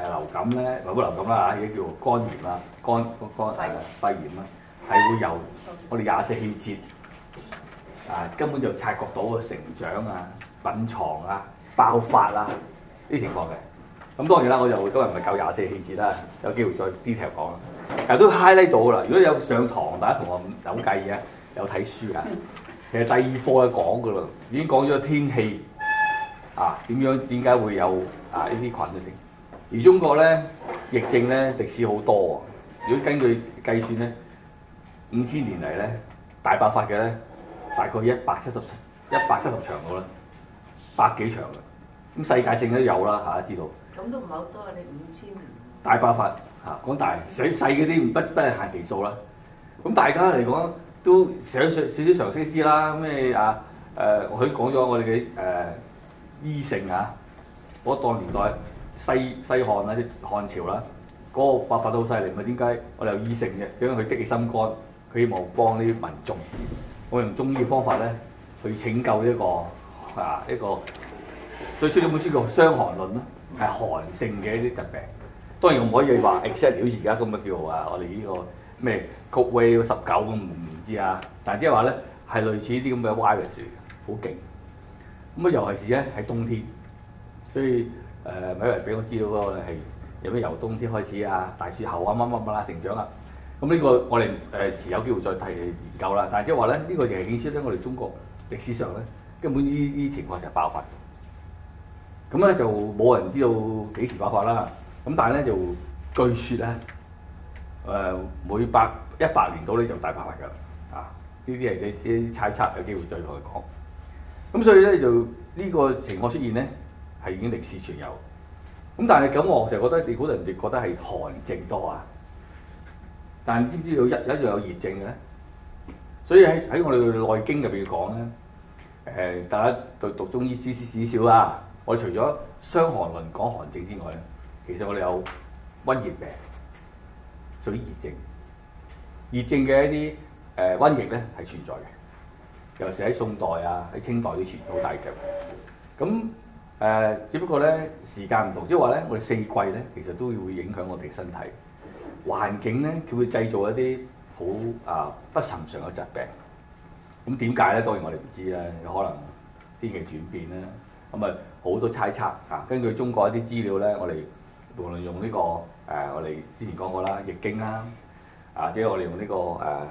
誒流感咧，唔不流感啦嚇，而家叫做肝炎啦、肝肝誒肺炎啦，係會有我哋廿四氣節啊，根本就察覺到成長啊、隱藏啊、爆發啊呢啲情況嘅。咁當然啦，我就今日唔係講廿四氣節啦，有機會再 detail 講啦、啊。但係都 high level 到啦。如果有上堂，大家同學有冇計嘅？有睇書啊。其實第二科課講噶啦，已經講咗天氣啊，點樣點解會有啊呢啲菌嘅？而中國咧疫症咧歷史好多啊！如果根據計算咧，五千年嚟咧大爆發嘅咧大概一百七十一百七十場度啦，百幾場。咁世界性都有啦嚇，知道。咁都唔係好多啊！你五千年。大爆發嚇講大，寫細嗰啲不不限其數啦。咁大家嚟講都寫少少啲常識知啦。咩啊？誒、呃，佢講咗我哋嘅誒醫聖嚇，嗰、啊、當、那個、年代。西西漢啦，啲漢朝啦，嗰、這個發法都好犀利。唔係點解？我哋有醫聖嘅，因為佢激氣心肝，佢希望幫呢啲民眾。我用中醫方法咧去拯救呢、這、一個啊，呢、這個最初有冇書叫傷論《傷寒論》咯，係寒性嘅一啲疾病。當然我唔可以話 exactly 而家咁嘅叫做我哋呢、這個咩 COVID-19 咁唔知啊。但係即係話咧，係類似呢啲咁嘅 virus 嚟嘅，好勁。咁啊，尤其是咧喺冬天，所以。誒，因為俾我知道嗰個係有咩由冬天開始啊，大雪後啊，乜乜乜啦，成長啦。咁呢個我哋誒遲有機會再提研究啦。但係即係話咧，呢、呢個就係顯示咧，我哋中國歷史上咧根本呢啲情況就係爆發。咁咧就冇人知道幾時爆發啦。咁但係咧就據說咧，誒、呃、每百一百年到呢就大爆發㗎啦。啊，呢啲係啲啲猜測，有機會再同你講。咁所以咧就呢個情況出現咧。係已經歷史傳有，咁但係咁，我就覺得你古人哋覺得係寒症多啊，但係知唔知道一一樣有熱症嘅咧？所以喺喺我哋內經入邊講咧，誒、呃、大家讀讀中醫師師師少少啦。我哋除咗傷寒論講寒症之外咧，其實我哋有瘟疫病，仲有熱症，熱症嘅一啲誒、呃、瘟疫咧係存在嘅，尤其喺宋代啊、喺清代都傳到大嘅。咁。誒，只不過咧時間唔同，即係話咧，我哋四季咧其實都會影響我哋身體環境咧，佢會製造一啲好啊不尋常嘅疾病。咁點解咧？當然我哋唔知啊，有可能天氣轉變啦，咁啊好多猜測啊。根據中國一啲資料咧，我哋無論用呢個誒，我哋之前講過啦，易經啦啊，即係我哋用呢個誒、呃，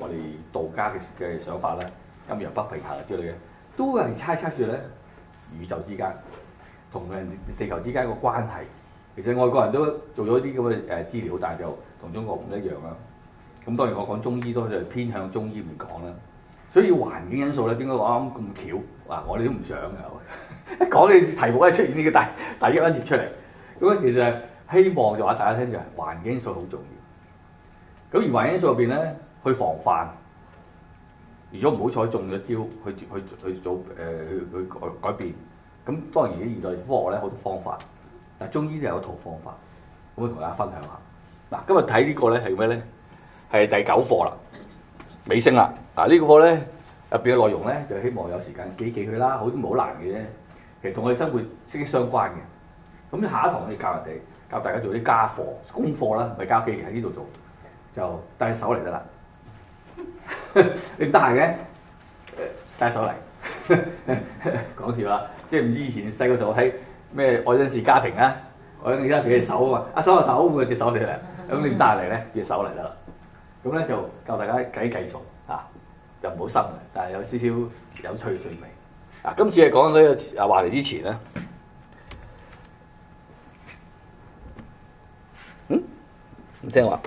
我哋道家嘅嘅想法咧，陰陽不平衡之類嘅，都有人猜測住咧。宇宙之間同誒地球之間個關係，其實外國人都做咗啲咁嘅誒資料，但係就同中國唔一樣啦。咁當然我講中醫多數偏向中醫唔講啦，所以環境因素咧點解我啱咁巧嗱？我哋都唔想嘅，一講你題目咧出現呢個大第一個節出嚟，咁咧其實希望就話大家聽住，環境因素好重要。咁而環境因素入邊咧去防範，如果唔好彩中咗招，去去去做誒、呃、去改去改變。咁當然，而家現代科學咧好多方法，但係中醫都有一套方法，咁我同大家分享下。嗱，今日睇呢個咧係咩咧？係第九課啦，尾聲啦。嗱，呢個課咧入邊嘅內容咧，就希望有時間記記佢啦。好唔好難嘅啫？其實同我哋生活息息相關嘅。咁咧下一堂我哋教人哋教大家做啲家課功課啦，咪交幾人喺呢度做，就帶手嚟得啦。 你得閒嘅，帶手嚟。講笑話，即係唔知以前細個時候我睇咩《愛因士家庭，啊家庭》啊，愛因士揸住手啊嘛，一手啊手，換隻手嚟，啦，咁你帶嚟咧？隻手嚟得啦，咁咧、嗯、就教大家計計數啊，就唔好深嘅，但係有少少有趣嘅趣味。啊，今次係講嗰個啊話題之前咧，嗯，唔聽話，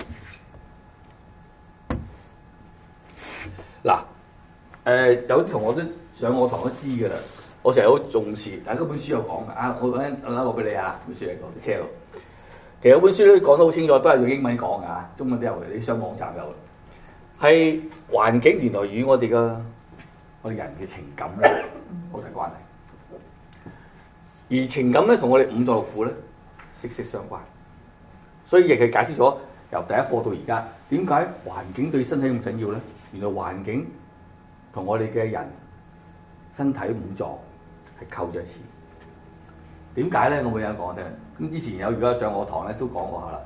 嗱、啊、誒、呃，有啲同學都上我堂都知噶啦，我成日好重視。但係嗰本書有講嘅。啊，我講拎攞個俾你啊，本書嚟講，啊、車路。其實有本書都講得好清楚，都係用英文講嘅，中文都有，你商網站有。係環境原來與我哋嘅我哋人嘅情感好大關係，而情感咧同我哋五臟六腑咧息息相關，所以亦係解釋咗由第一課到而家，點解環境對身體咁緊要咧？原來環境同我哋嘅人。身體五臟係扣咗錢，點解咧？我會有講嘅。咁之前有如果上我堂咧都講過下啦。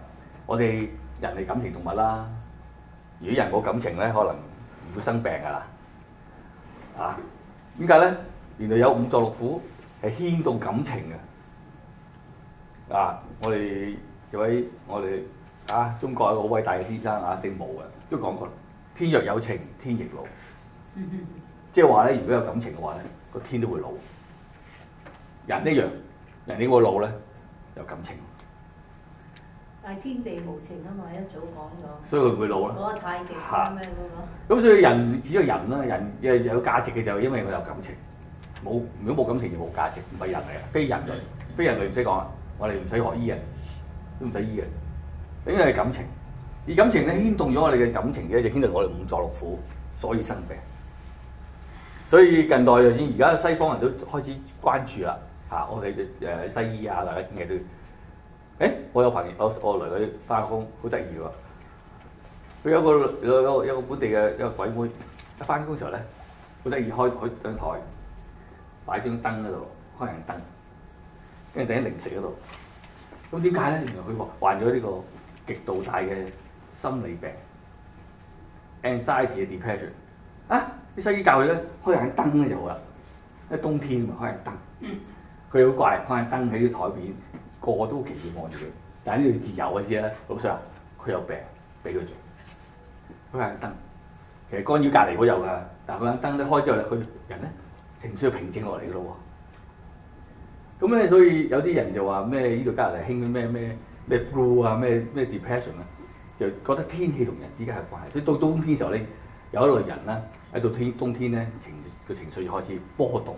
我哋人係感情動物啦，如果人冇感情咧，可能唔會生病㗎啦。啊，點解咧？原來有五臟六腑係牽動感情嘅。啊，我哋有位我哋啊中國好偉大嘅先生啊姓毛嘅，都講過：天若有情天亦老。 即係話咧，如果有感情嘅話咧，個天都會老，人一樣，人點會老咧？有感情。但係天地無情啊嘛，一早講咗。所以佢會老啊。太極啊咩嗰咁，所以人只有人啦，人有有價值嘅就係因為佢有感情。冇，如果冇感情就冇價值，唔係人嚟啊，非人類，非人類唔使講啦，我哋唔使學醫啊，都唔使醫嘅，因為感情，而感情咧牽動咗我哋嘅感情嘅，就牽動我哋五臟六腑，所以生病。所以近代就算而家西方人都開始關注啦，嚇、啊、我哋誒、呃、西醫啊，大家經日都，誒、欸、我有朋友，我我女翻工好得意喎，佢有，有個有個有個本地嘅一個鬼妹，一翻工時候咧好得意，開開張台擺張燈喺度開人燈，跟住整啲零食嗰度，咁點解咧？原來佢話患咗呢個極度大嘅心理病，anxiety depression 啊！啲西醫教佢咧開眼燈咧就好啦，因冬天啊嘛開眼燈，佢好怪開眼燈，喺啲台面個個都好奇異望住佢，但係呢度自由啊知啦，老實，佢有病俾佢做開眼燈，其實干擾隔離嗰有㗎，但係佢眼燈都開咗，佢人咧情緒要平靜落嚟㗎咯喎。咁咧 berg 所以有啲人就話咩呢度加拿大興咩咩咩 blue 啊咩咩 depression 啊，就覺得天氣同人之間係怪。所以到冬天時候咧有一類人啦。啊喺到天冬天咧，情個情緒開始波動，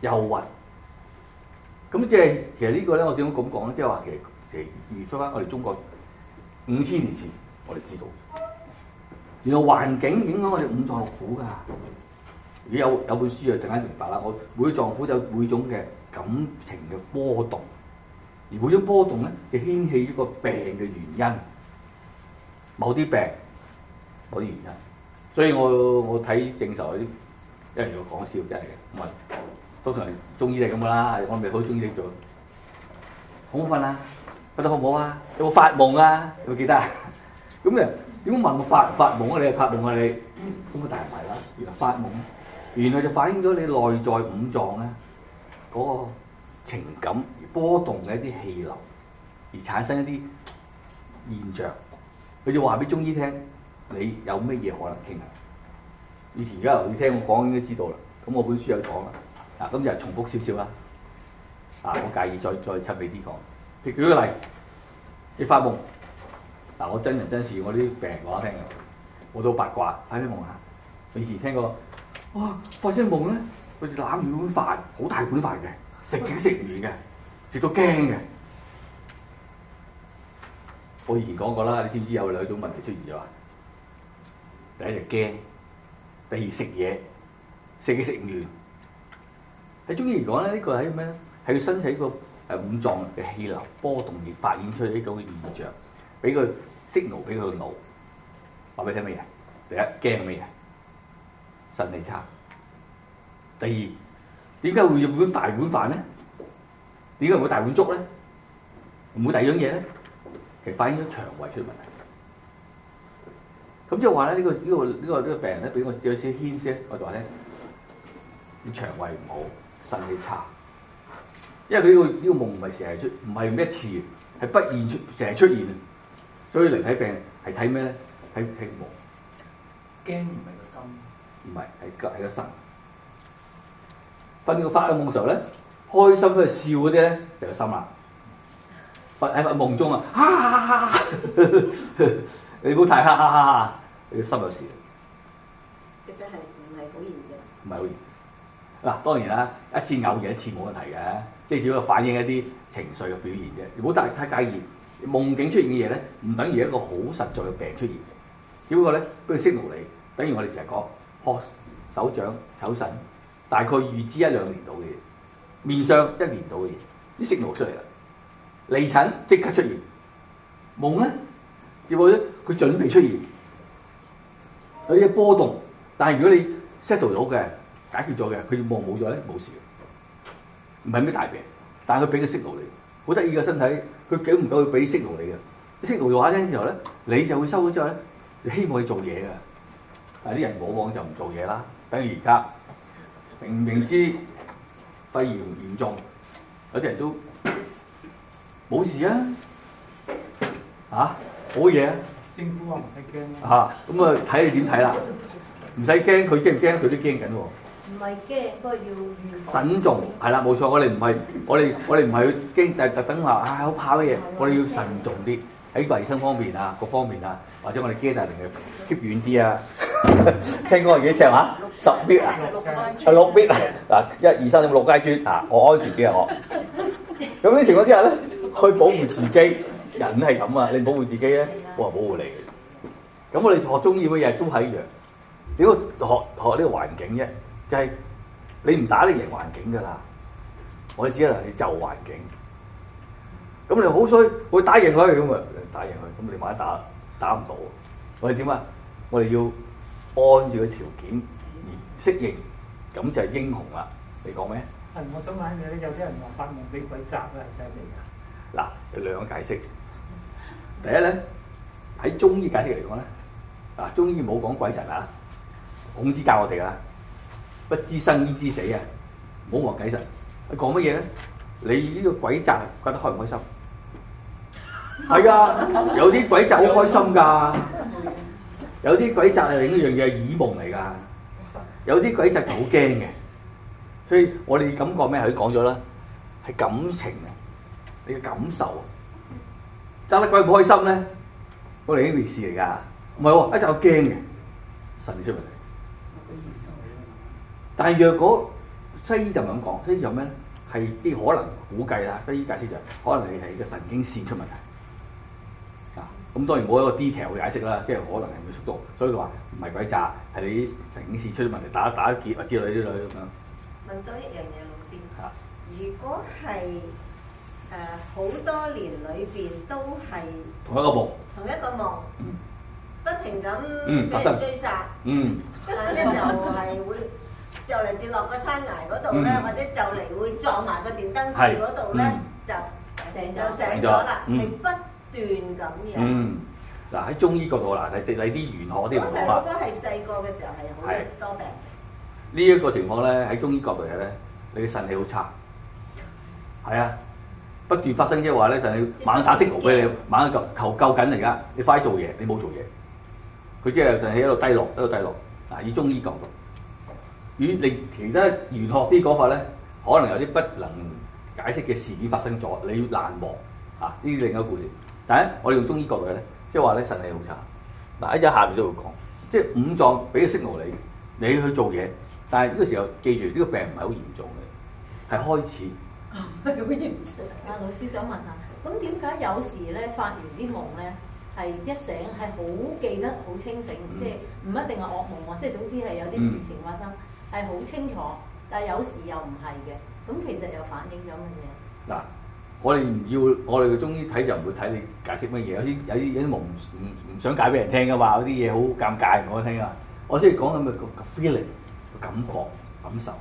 又鬱。咁即係其實呢個咧，我點樣咁講咧？即係話其實其實，如果返我哋中國五千年前，我哋知道，原來環境影響我哋五臟六腑㗎。如果有有本書啊，陣間明白啦。我每個臟腑有每種嘅感情嘅波動，而每種波動咧，就牽起呢個病嘅原因。某啲病，某啲原因。所以我我睇正常啲、啊，有人要講笑真係嘅，唔係通常中醫係咁嘅啦，我咪好中意你做。好唔好瞓啊？瞓得好唔好啊？有冇發夢啊？有冇記得啊？咁咧點解問我發發夢啊？你係發夢啊你？咁嘅大唔牌啦，原來發夢、啊，原來就反映咗你內在五臟咧嗰個情感波動嘅一啲氣流，而產生一啲現象，佢就話俾中醫聽。你有咩嘢可能傾啊？以前而家你聽我講應該知道啦。咁我本書有講啦。嗱，咁就係重複少少啦。啊，唔介意再，再再出俾啲講。譬如你舉個例，你發夢。嗱、啊，我真人真事，我啲病人話聽嘅。我都，到我都八卦，發啲夢啊。我以前聽過，哇！發啲夢咧，好似攬住碗飯，好大碗飯嘅，食極食唔完嘅，食到驚嘅。我以前講過啦，你知唔知有兩種問題出現咗啊？第一就驚，第二食嘢，食嘢食唔完。喺中醫嚟講咧，這個、呢個係咩咧？喺佢身體個誒五臟嘅氣流波動而發展出呢種現象，俾佢 signal 俾佢腦，話俾你聽乜嘢？第一驚乜嘢？身體差。第二點解會要碗大碗飯咧？點解唔會大碗粥咧？唔會第二樣嘢咧？其實反映咗腸胃出問題。咁即係話咧，呢個呢個呢個呢個病人咧，俾我有少少牽涉，我就話咧，你腸胃唔好，腎氣差，因為佢呢個呢夢唔係成日出，唔係一次，係不斷出，成日出現啊。所以嚟睇病係睇咩咧？睇睇夢。驚唔係個心。唔係，係個係個腎。瞓到翻緊夢嘅時候咧，開心佢笑嗰啲咧，就有心啦。喺喺夢中啊，你唔好睇，哈哈哈，哈！ 你你心有事，其實係唔係好嚴重？唔係好嚴重。嗱，當然啦，一次偶然一次冇問題嘅，即係只要反映一啲情緒嘅表現嘅。如果太太介意。夢境出現嘅嘢咧，唔等於一個好實在嘅病出現。只不過咧，不如釋怒你，等於我哋成日講學手掌手診，大概預知一兩年度嘅嘢，面上一年度嘅嘢，啲釋怒出嚟啦，嚟診即刻出現，夢咧只不過咧佢準備出現。有啲波動，但係如果你 settle 咗嘅，解決咗嘅，佢要望冇咗咧，冇事嘅，唔係咩大病。但係佢俾個 signal 你，好得意嘅身體，佢久唔久佢俾 signal 你嘅。啲 signal 之後咧，你就會收咗之後咧，你希望去做嘢嘅。但係啲人往往就唔做嘢啦。等於而家，明明知肺炎嚴重，有啲人都冇事啊，嚇好嘢！政府話唔使驚咯，咁 啊，睇你點睇啦，唔使驚，佢驚唔驚？佢都驚緊喎。唔係驚，不過要慎重，係啦，冇錯，我哋唔係我哋，我哋唔係要驚，但係特登話啊好怕乜嘢，我哋要慎重啲喺衞生方面啊、各方面啊，或者我哋驚大零要 keep 遠啲啊。 聽講幾尺啊？十 bit 啊，六 bit 啊，嗱一二三點六階磚啊，我安全啲啊我。咁 呢情況之下咧，去保護自己。人係咁啊！你保護自己咧，我係保護你。咁我哋學中意嘅嘢都係一樣，只不過學學呢個環境啫。就係你唔打呢個環境㗎啦，我哋只係嗱你就環境。咁你好衰，會打贏佢咁啊！打贏佢，咁你咪打打唔到。我哋點啊？我哋要按住個條件而適應，咁就係英雄啦。你講咩？係我想買嘢，有啲人話發夢俾鬼責啊！真係㗎。嗱，有兩個解釋。第一咧，喺中醫解釋嚟講咧，嗱中醫冇講鬼神啊，孔子教我哋啦，不知生醫知死啊，唔好妄計鬼神。你講乜嘢咧？你呢個鬼神覺得開唔 開心？係啊，有啲鬼好開心㗎，有啲鬼神係另一樣嘢耳夢嚟㗎，有啲鬼神好驚嘅。所以我哋感覺咩？佢講咗啦，係感情啊，你嘅感受。爭得鬼咁開心咧，我哋呢件事嚟噶，唔係喎，一陣我驚嘅神出問題。但係若果西醫就唔咁講，西醫有咩咧？係啲可能估計啦，西醫解釋就係，可能你係個神經線出問題。啊神，咁當然冇一個 detail 嘅解釋啦，即係可能係咪速度？所以佢話唔係鬼炸，係你神經線出咗問題，打打結啊之類之類咁樣。問多一樣嘢，老師，如果係？誒好多年裏邊都係同一個夢，同一個夢，不停咁俾人追殺。嗯，但係咧就係會就嚟跌落個山崖嗰度咧，或者就嚟會撞埋個電燈柱嗰度咧，就就醒咗啦。係不斷咁樣。嗯，嗱喺中醫角度啦，你你啲元兇嗰啲冇啊嘛。我成日都係細個嘅時候係好多病。呢一個情況咧喺中醫角度嚟咧，你嘅腎氣好差。係啊。不斷發生即係話咧，就係你猛打信號俾你，猛求求救緊，而家你快做嘢，你冇做嘢，佢即係就喺度低落，喺度低落。啊，以中醫角度，與你其他玄學啲講法咧，可能有啲不能解釋嘅事件發生咗，你難忘啊！呢啲另一個故事。但係我哋用中醫角度嘅咧，即係話咧，神氣好差。嗱，一陣下邊都會講，即係五臟俾個信號你，你去做嘢。但係呢個時候記住，呢個病唔係好嚴重嘅，係開始。係好嚴重。啊， 老師想問下，咁點解有時咧發完啲夢咧係一醒係好記得好清醒，嗯、即係唔一定係噩夢喎，即係總之係有啲事情發生係好、嗯、清楚，但係有時又唔係嘅，咁其實又反映咗乜嘢？嗱，我哋唔要我哋嘅中醫睇就唔會睇你解釋乜嘢，有啲有啲有啲夢唔唔想解俾人聽㗎嘛，有啲嘢好尷尬講俾人聽啊！我先講緊嘅個 feeling 個感覺感受，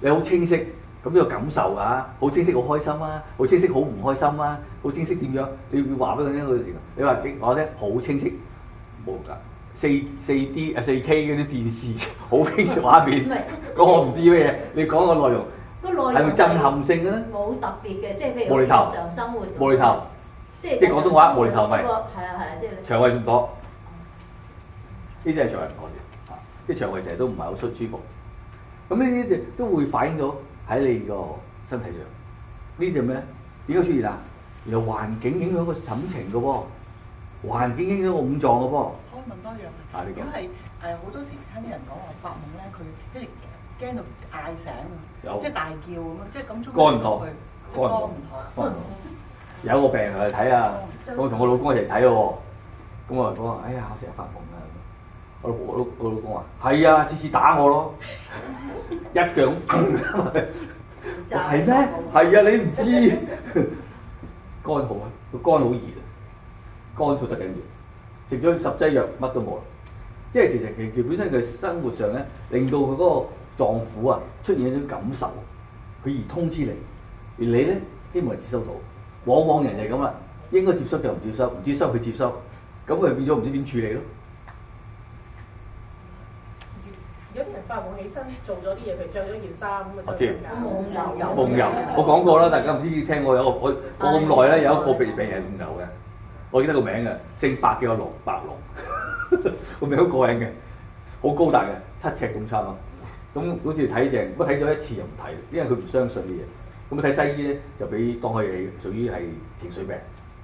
你好清晰。咁呢個感受啊，好清晰好開心啊，好清晰好唔開心啊，好清晰點樣？你要要話俾佢聽嗰啲嘢。你話我聽好清晰，冇㗎，四四 D 啊四 K 嗰啲電視好清晰畫面。我唔知咩嘢，你講個內容係咪震撼性嘅咧？冇特別嘅，即係譬如日常生活。無厘頭。無厘頭。即係廣東話無厘頭咪？係啊係啊，即係。腸胃唔妥。呢啲係腸胃唔妥即啲腸胃成日都唔係好舒舒服。咁呢啲都會反映到。喺你個身體上，呢啲係咩？點解出現啊？原來環境影響個心情嘅喎，環境影響個五臟嘅噃。可以問多一樣啊！如果係好多時聽啲人講話發夢咧，佢一直驚到嗌醒啊，即係有大叫咁啊，即係咁。肝唔同，肝唔同，肝唔同。有個病人去睇啊，我同我老公一齊睇喎，咁、就是、我講話，哎呀，成日發夢。我老我老公話：係啊，次次打我咯，一腳咁係咩？係 嗎 啊，你唔知 肝。肝好，啊，個肝好熱啊，乾燥得緊要。食咗十劑藥，乜都冇。即係其實其其本身佢生活上咧，令到佢嗰個臟腑啊出現一種感受，佢而通知你。而你咧希望接收到，往往人就咁啊，應該接收就唔接收，唔接收佢接收，咁佢變咗唔知點處理咯。有啲人翻到起身做咗啲嘢，譬如著咗件衫咁啊，仲有。夢遊，夢遊，我講過啦，大家唔知聽過有個我我咁耐咧，的有一個，個別病病人夢遊嘅，我記得個名嘅，姓白嘅個龍，白龍， 個名好過癮嘅，好高大嘅，七尺咁差咯，咁好似睇病，不過睇咗一次又唔睇，因為佢唔相信嘅。嘢，咁睇西醫咧就俾當佢係屬於係情緒病，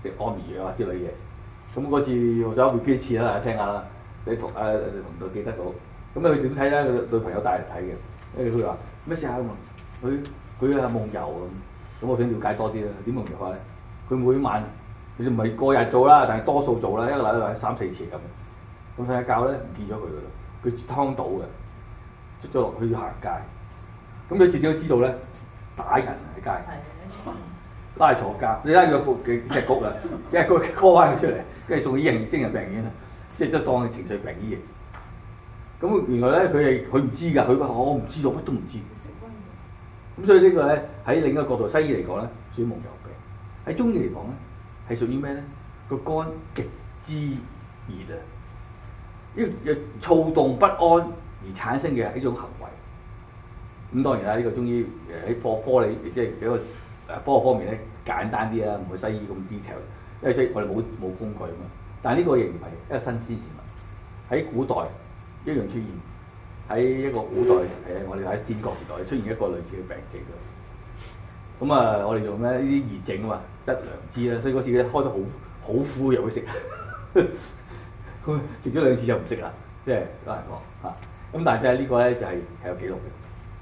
食安眠藥啊之類嘅。咁嗰次我再回顧一次啦，聽下啦，你同啊同到記得到。咁啊，佢點睇咧？佢女朋友帶嚟睇嘅，因為佢話咩事啊佢佢啊夢遊咁，咁我想了解多啲啦。點夢遊開咧？佢每晚，佢唔係過日做啦，但係多數做啦，一個禮拜三四次咁。咁瞓一覺咧，唔見咗佢噶啦，佢脫湯到嘅，出咗落去要行街。咁佢自己都知道咧，打人喺街，拉坐監。你拉佢入去幾隻局啊？一係 call 翻佢出嚟，跟住送去精神病院，即係都當係情緒病醫嘅。咁原來咧，佢係佢唔知㗎，佢話我唔知道，乜都唔知。咁 所以個呢個咧喺另一個角度，西醫嚟講咧屬於夢遊病；喺中醫嚟講咧係屬於咩咧？個肝極之熱啊，因又躁動不安而產生嘅一種行為。咁當然啦，呢、這個中醫誒喺科科理即係幾個誒科學方面咧簡單啲啦，唔會西醫咁 detail，因為即係我哋冇冇工具啊嘛。但係呢個亦唔係一個新鮮事物。喺古代。一樣出現喺一個古代嘅，我哋喺戰國時代出現一個類似嘅病徵嘅。咁啊，我哋用咩呢啲熱症啊嘛，質良知啦，所以嗰次咧開得好好苦又會食，佢食咗兩次就唔食啦，即係咁嚟講嚇。咁但係睇下呢個咧就係係有記錄嘅。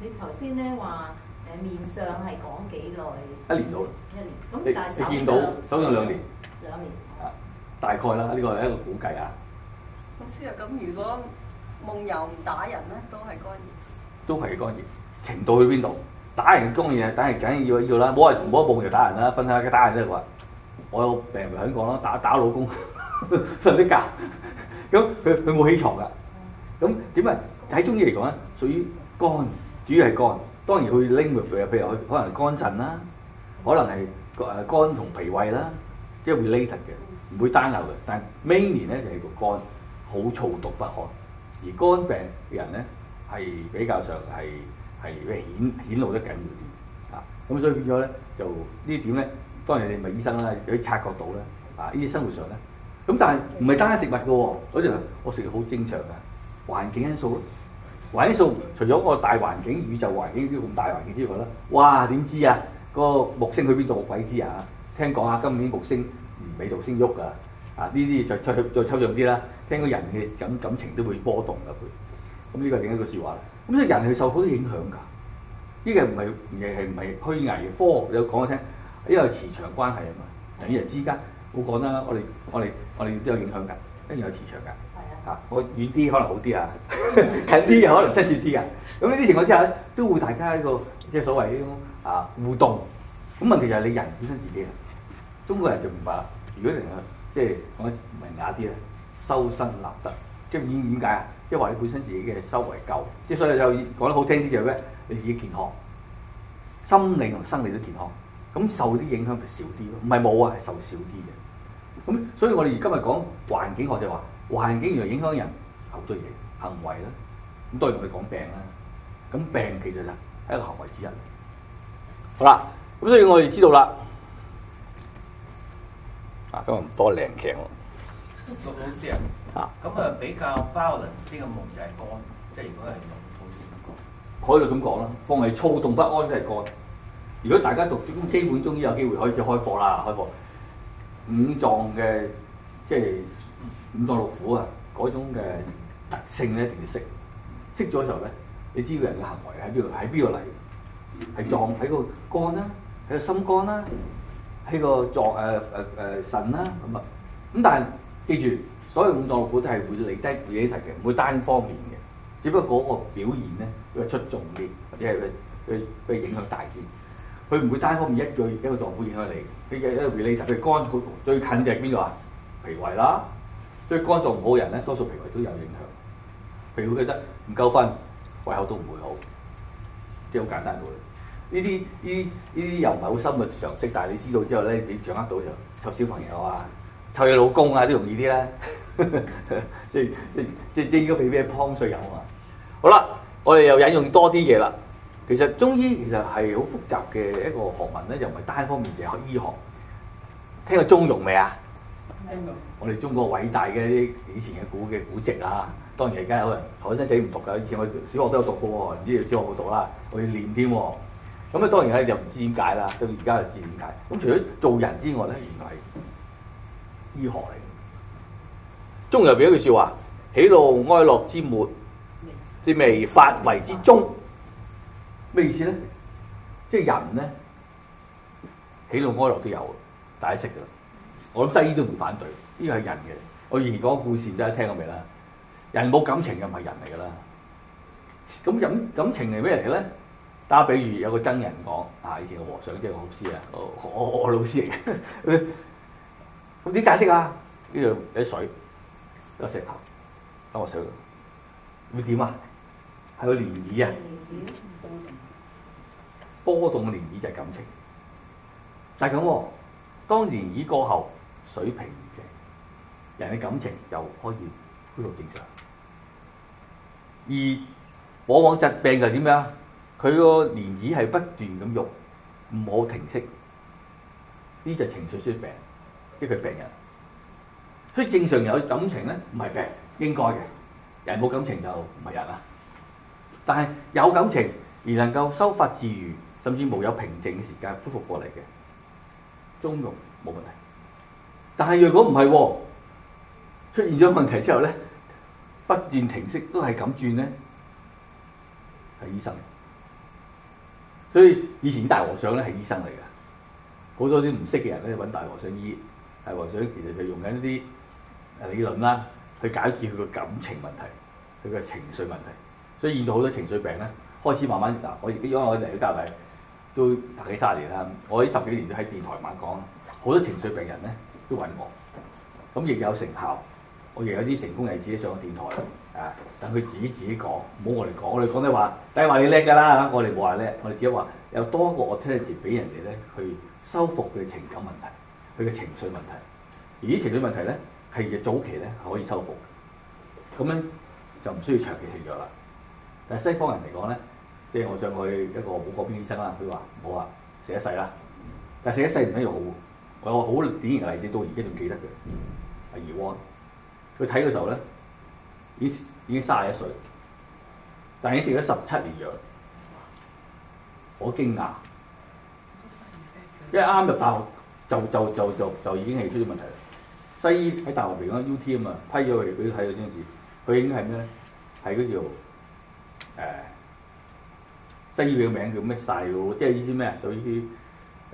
你頭先咧話誒面上係講幾耐？一年到一年。咁、嗯、年但係實際上，手有兩年。兩年。啊，大概啦，呢個係一個估計啊。咁先啊，咁如果？夢遊唔打人咧，都係肝熱，都係肝熱程度去邊度？打人中意啊，梗係梗要啊，要啦！冇係冇一部門就打人啦，分享下佢打人咩話？我有病咪肯講啦，打打老公瞓啲 覺，咁佢佢冇起床噶，咁點啊？喺中醫嚟講咧，屬於肝主要係肝，當然去拎個肺啊，譬如可能肝腎啦，可能係誒肝同脾胃啦，即係 related 嘅，唔會單流嘅，但係每年咧就係個肝好燥毒不堪。而肝病嘅人咧，係比較上係係會顯露得緊要啲啊，咁所以變咗咧就點呢點咧，當然你唔係醫生啦、啊，可以察覺到啦啊，呢啲生，生活上咧，咁但係唔係單一食物嘅喎、啊，好似我食好正常嘅環境因素咯，環境素除咗個大環境、宇宙環境啲咁大環境之外咧，哇點知啊、個木星去邊度？我鬼知啊！聽講啊，今年木星唔俾木星喐啊！啊！呢啲再再再抽象啲啦，聽個人嘅感感情都會波動噶佢，咁呢個另一句説話啦。咁所以人係受好多影響㗎，呢個唔係亦係唔係虛偽科學你講我聽，因為有磁場關係啊嘛，人與人之間，好講啦，我哋我哋我哋都有影響㗎，一樣有磁場㗎，嚇我的、啊、遠啲可能好啲啊， 近啲可能親切啲啊。咁呢啲情況之下咧，都會大家一個即係所謂嘅啊互動。咁問題就係你人本身自己啊，中國人就明白啦。如果能即係講得明雅啲啦，修身立德，即係已經點解啊？即係話你本身自己嘅修為夠，即係所以就講得好聽啲就係咩？你自己健康，心理同生理都健康，咁受啲影響少啲咯。唔係冇啊，係受少啲嘅。咁所以我哋而今日講環境學就話，環境原來影響人好多嘢，行為啦，咁當然我哋講病啦。咁病其實就係一個行為之一。好啦，咁所以我哋知道啦。啊，咁又唔多靚劇喎。讀老師啊，啊，咁啊比較 balance 啲嘅夢就係肝，即係如果係兩套嘢。可以咁講啦，放係躁動不安，即係肝。如果大家讀專基本，中醫有機會開始開課啦，開課。五臟嘅即係五臟六腑啊，嗰種嘅特性咧一定要識。識咗嘅時候咧，你知道人嘅行為喺邊度，喺邊度嚟？係臟喺個肝啦，喺個心肝啦。呢個臟誒誒誒腎啦咁啊，咁、啊啊、但係記住，所有五臟六腑都係會累低累低嘅，唔會單方面嘅。只不過嗰個表現咧會出眾啲，或者係會會影響大啲。佢唔會單方面一句一個臟腑影響你。佢一一 related，譬如肝好最近嘅係邊度啊？脾胃啦，所以肝臟唔好嘅人咧，多數脾胃都有影響。脾胃覺得唔夠瞓，胃口都唔會好，即係好簡單嘅。呢啲呢呢啲又唔係好深嘅常識，但係你知道之後咧，你掌握到就湊小朋友啊、湊你老公啊都容易啲啦。即係即係即係即係應該俾咩湯水飲啊！好啦，我哋又引用多啲嘢啦。其實中醫其實係好複雜嘅一個學問咧，又唔係單方面嘅醫學。聽過中庸未啊？聽過。我哋中國偉大嘅以前嘅古嘅古籍啊，當然而家有人頭先仔唔讀噶，以前我小學都有讀過，唔知後小學冇讀啦，我要練添喎。咁咧當然咧就唔知點解啦，到而家就知點解。咁除咗做人之外咧，原來係醫學嚟。中入邊一句説話，喜怒哀樂之末，之未發為之中。咩意思咧？即係人咧，喜怒哀樂都有，大家識噶啦。我諗西醫都唔反對，呢個係人嘅。我以前講個故事，都係聽過未啦？人冇感情又唔係人嚟噶啦。咁感感情係咩嚟咧？打比如有個僧人講，啊以前個和尚即係我老師啊，我、哦、我、哦、老師嚟嘅，咁、嗯、點解釋啊？呢度有水，有石頭，有水，會點啊？係個漣漪啊，波動嘅漣漪就係感情，但係咁、哦。當漣漪過後，水平靜，人嘅感情又可以恢復正常。而往往疾病就係點樣啊？佢個連耳係不斷咁喐，唔好停息，呢就情緒衰病，即係病人。所以正常有感情咧，唔係病，應該嘅。人冇感情就唔係人啊。但係有感情而能夠收發自如，甚至冇有平靜嘅時間恢復過嚟嘅，中庸冇問題。但係若果唔係喎，出現咗問題之後咧，不斷停息都係咁轉咧，係醫生。所以以前大和尚咧係醫生嚟嘅，好多啲唔識嘅人咧揾大和尚醫。大和尚其實就用緊一啲理論啦，去解決佢嘅感情問題，佢嘅情緒問題。所以現到好多情緒病咧，開始慢慢嗱，我亦因為我嚟到大陸都大幾卅年啦，我呢十幾年都喺電台猛講，好多情緒病人咧都揾我，咁亦有成效，我亦有啲成功人士上咗電台。啊！等佢自己自己講，唔好我哋講。我哋講都話，都話你叻㗎啦。我哋冇話叻，我哋只係話有多一個 alternative 俾人哋咧去修復佢嘅情感問題，佢嘅情緒問題。而啲情緒問題咧係嘅早期咧係可以修復。咁咧就唔需要長期食藥啦。但係西方人嚟講咧，即係我上去一個武嗰邊醫生啦，佢話冇好話死一,一世啦。但係死一世唔一樣好喎。我好典型嘅例子，到而家仲記得嘅阿葉安，佢睇嘅時候咧。已已經三十一歲，但已經食咗十七年藥，我驚訝，一啱入大學就就就就就已經係出咗問題啦。西醫喺大學嚟講 U T 啊嘛，M, 批咗佢嚟俾佢睇嗰張紙，佢已經係咩咧？係嗰叫誒、呃、西醫嘅名叫咩曬喎？即係呢啲咩啊？對呢啲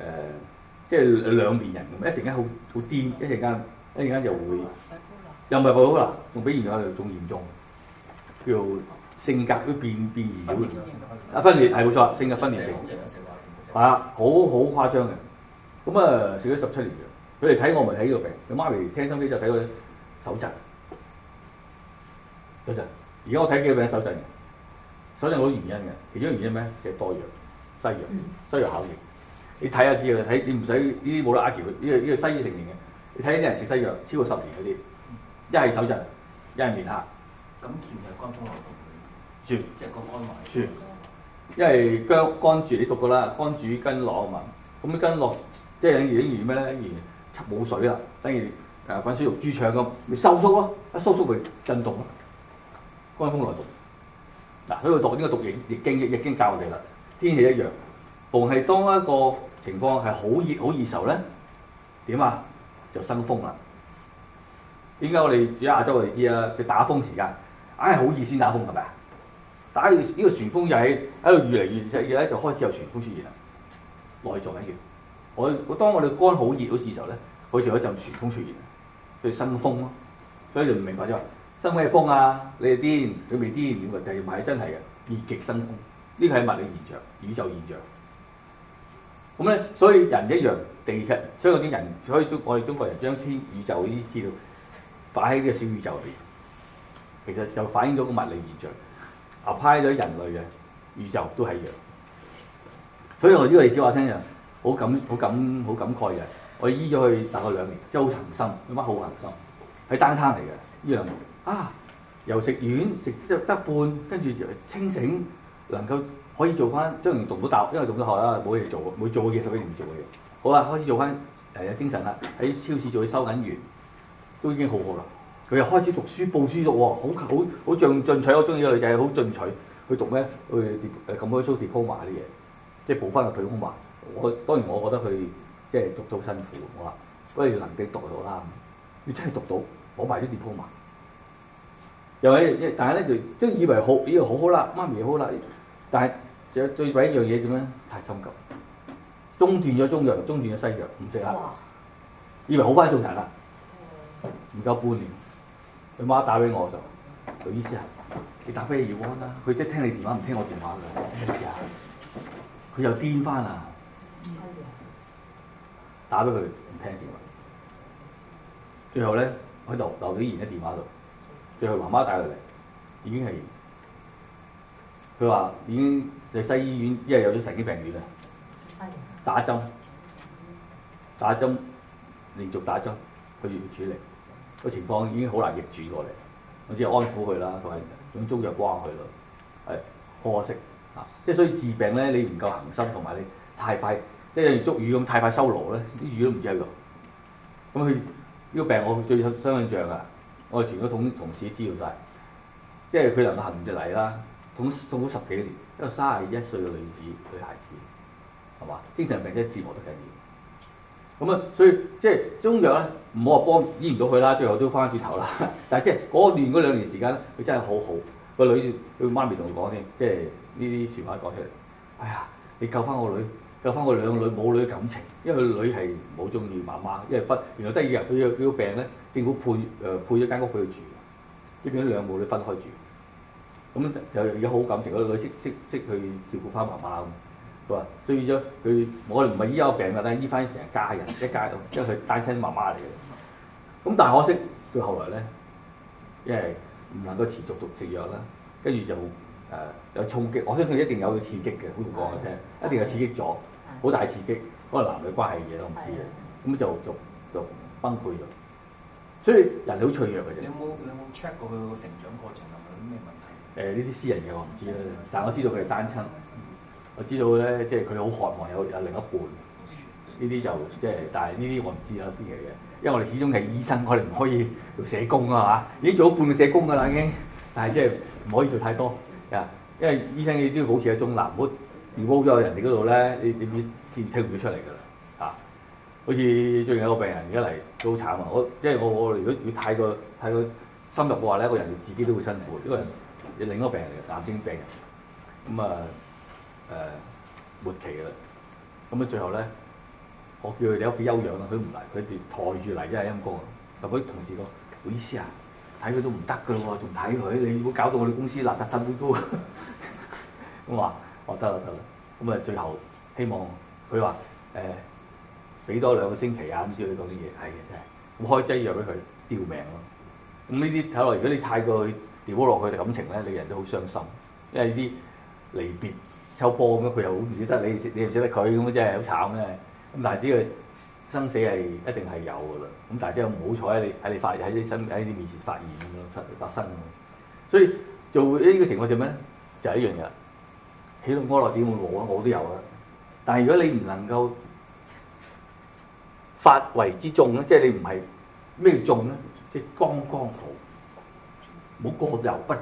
誒，即係兩、呃、面人咁，一陣間好好癲，一陣間一陣間就會。又唔係報好啦，仲比原來仲嚴重，叫性格要變變異咗。阿分裂係冇裂錯，性格分裂症係啊，好好、嗯、誇張嘅。咁、嗯、啊，食咗十七年藥，佢嚟睇我咪睇呢個病。佢媽咪聽心機就睇佢手震。手震，而家我睇幾多病手震？手震好多原因嘅，其中原因咩？就係多藥、西藥，西藥考慮。你睇下佢，睇你唔使呢啲冇得阿嬌，呢個呢個西醫成年嘅。你睇啲人食西藥,西藥超過十年嗰啲。一係手震，一係面黑。咁轉係肝風來動嘅。轉，即係個肝還住。因係肝肝住，你讀過啦，肝主筋絡啊嘛。咁啲筋絡，即係等於等於咩咧？等於冇水啦，等於誒粉絲肉豬腸咁，咪收縮咯，一收縮咪震動咯。肝風來動。嗱，所以讀呢個讀嘢易經，易經教我哋啦。天氣一陽，逢係當一個情況係好熱好熱時候咧，點啊？就生風啦。點解我哋住亞洲我哋知啊？佢打風時間唉，好熱先打風，係咪啊？打呢個旋風又喺喺度越嚟越細嘅咧，就開始有旋風出現啦。內臟一樣，我我當我哋肝好熱嗰時候咧，好似有一陣旋風出現，佢生風咯。所以你唔明白就話生咩風啊？你係癲，你未癲點㗎？但係唔係真係嘅，熱極生風，呢個係物理現象、宇宙現象。咁咧，所以人一樣，地球所有啲人可以我哋中國人將天宇宙呢啲資料。擺喺呢個小宇宙入邊，其實就反映咗個物理現象，apply 咗人類嘅宇宙都係一樣。所以我呢個例子話聽人好感、好感、好感慨嘅。我醫咗佢大概兩年，真係好沉心，乜好沉心。係單癱嚟嘅，呢兩年啊，又食丸食得半，跟住清醒，能夠可以做翻將棟到搭，因為棟咗下啦，冇嘢做啊，冇做嘅嘢十幾年唔做嘅嘢。好啦，開始做翻又有精神啦，喺超市做佢收銀員。都已經好好啦，佢又開始讀書報書咗喎、啊，好好好像進取我，我中意個女仔，好進取去，去讀咩？去跌誒撳開粗 diploma 啲嘢，即係補翻個肺功能。我當然我覺得佢即係讀到辛苦，我話不如能點讀就啦。你真係讀到補埋啲 diploma，又係但係咧就即係以為好已經好好啦，媽咪好啦，但係最最弊一樣嘢點咧？太心急，中斷咗中藥，中斷咗西藥，唔食啦，以為好翻做人啦。唔夠半年，佢媽打俾我就，杜醫師啊，你打俾葉安啦。佢即係聽你電話，唔聽我電話嘅。咩事啊？佢又癲翻啦！打俾佢唔聽電話。最後咧，佢喺度留啲言喺電話度。最後媽媽打佢嚟，已經係，佢話已經喺西醫院，因為有咗神經病院啊，打針，打針，連續打針，佢要處理。個情況已經好難逆轉過嚟，我只係安撫佢啦，咁樣用中藥關佢咯，係可惜啊！即係所以治病咧，你唔夠恒心同埋你太快，即係捉魚咁太快收羅咧，啲魚都唔知喺度。咁佢呢個病我最相印象啊，我全個同同事知道晒，即係佢能夠行唔著泥啦，痛苦痛苦咗十幾年，一個三十一歲嘅女子女孩子，係嘛？精神病即係折磨得緊要。咁啊，所以即係中藥咧，唔好話幫醫唔到佢啦，最後都翻轉頭啦。 但係即係嗰年嗰兩年時間咧，佢真係好好個女，佢媽咪同佢講添，即係呢啲説話講出嚟。哎呀，你救翻我女，救翻我兩女母女嘅感情，因為佢女係冇中意媽媽，因為分原來第二日佢要要病咧，政府配誒、呃、配咗間屋俾佢住，即係變咗兩母女分開住。咁有有好感情，嗰個女識識識去照顧翻媽媽。所以追咗佢，我哋唔係醫一個病人，但係醫翻成家人一家，因為佢單親媽媽嚟嘅。咁但係可惜，佢後來咧，因為唔能夠持續讀食藥啦，跟住就誒有衝擊，我相信一定有個刺激嘅，好難講嘅啫，一定有刺激咗，好大刺激嗰個男女關係嘅嘢，我唔知嘅。咁就就就崩潰咗，所以人好脆弱嘅啫。你有冇有冇 check 過佢個成長過程有冇咩問題？誒呢啲私人嘢我唔知啦，但係我知道佢係單親。我知道咧，即係佢好渴望有有另一半，呢啲就即係，但係呢啲我唔知有啲嘢嘅，因為我哋始終係醫生，我哋唔可以做社工啊嘛，已經做咗半個社工噶啦已經，但係即係唔可以做太多啊，因為醫生要都要保持喺中立，如果好咗人哋嗰度咧，你你你睇唔睇唔出嚟噶啦嚇，好似最近有個病人而家嚟都好慘啊，我即係我我如果要太過太過深入嘅話咧，個人自己都會辛苦，因為係另一個病人嚟嘅癌症病人，咁啊。誒、呃、末期嘅啦，咁啊最後咧，我叫佢哋屋企休養啦，佢唔嚟，佢哋抬住嚟真係陰公啊！咁我啲同事講：唔好意思啊，睇佢都唔得㗎咯，仲睇佢，你如果搞到我哋公司邋遢遢污糟。我 話：我得啦，得啦。咁啊，最後希望佢話誒俾多兩個星期啊，咁叫佢講啲嘢係嘅，真係我開劑藥俾佢吊命咯。咁呢啲睇落，如果你太過去吊落佢哋感情咧，你人都好傷心，因為呢啲離別。抽波咁樣，佢又好唔捨得你，你唔捨得佢咁，真係好慘咧。咁但係呢個生死係一定係有噶啦。咁但係真係唔好彩，喺你喺你發喺你身喺你面前發現咁樣出發生。所以做呢個情況點咧？就係一樣嘢啦，喜怒哀樂點會無？我都有啊。但係如果你唔能夠發為之中咧，即係你唔係咩中咧，即係剛剛好，冇過猶不及。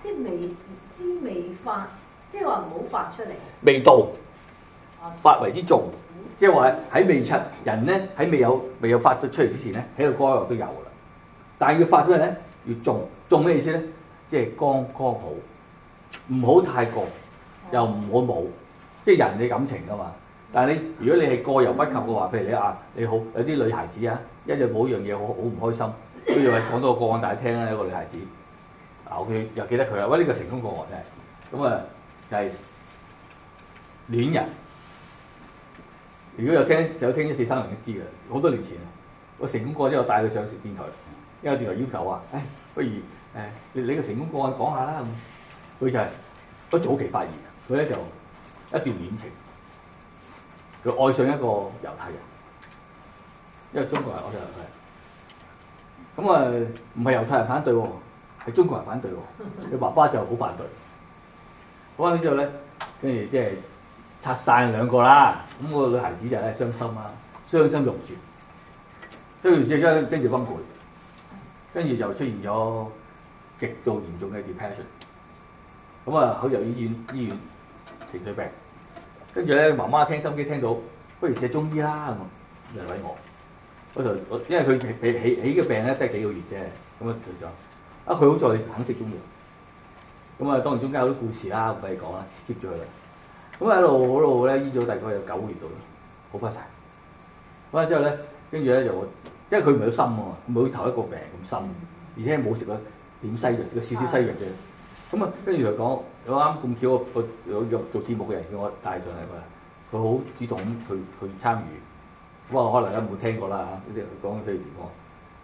即係未知未發。即係話唔好發出嚟，味道發為之重，嗯、即係話喺未出人咧，喺未有未有發到出嚟之前咧，喺度歌猶都有啦。但係要發出嚟咧，要重重咩意思咧？即係剛剛好，唔好太過，又唔好冇。哦、即係人嘅感情啊嘛。但係你如果你係過猶不及嘅話，譬如你啊你好有啲女孩子啊，一樣冇一樣嘢好好唔開心，跟住話講到個,個案大家聽咧，一、一個女孩子啊，我記又記得佢啦。喂，呢個成功個案真係咁啊！係戀人，如果有聽就有聽一四三零一知嘅，好多年前，我成功過之後帶佢上電台，因為電台要求話，誒、哎、不如誒、哎、你你個成功個案講下啦，咁，佢就係、是、都早期發現，佢咧就一段戀情，佢愛上一個猶太人，因為中國人，我哋係，咁啊唔係猶太人反對，係中國人反對，佢爸爸就好反對。好完之後咧，跟住即係拆散兩個啦。咁個女孩子就咧傷心啦，傷心容唔住，跟住之後跟住崩潰，跟住就出現咗極度嚴重嘅 depression。咁啊，好入醫院，醫院情緒病。跟住咧，媽媽聽心機聽到，不如食中醫啦，咁啊，又揾我，嗰時因為佢起起嘅病咧得幾個月啫，咁啊退咗。啊，佢好在肯食中藥。咁啊，當然中間有啲故事啦，唔畀你講啦 keep 住佢啦。咁喺度嗰路咧醫咗大概有九年度到，好快晒好啦之後咧，跟住咧就我，因為佢唔係好深喎，冇頭一個病咁深，而且冇食過點西藥，食過少少西藥啫。咁啊，跟住就講，有啱咁巧我我有做節目嘅人叫我帶上嚟㗎，佢好主動去去參與。咁啊，可能有冇聽過啦嚇？呢啲講推自然康，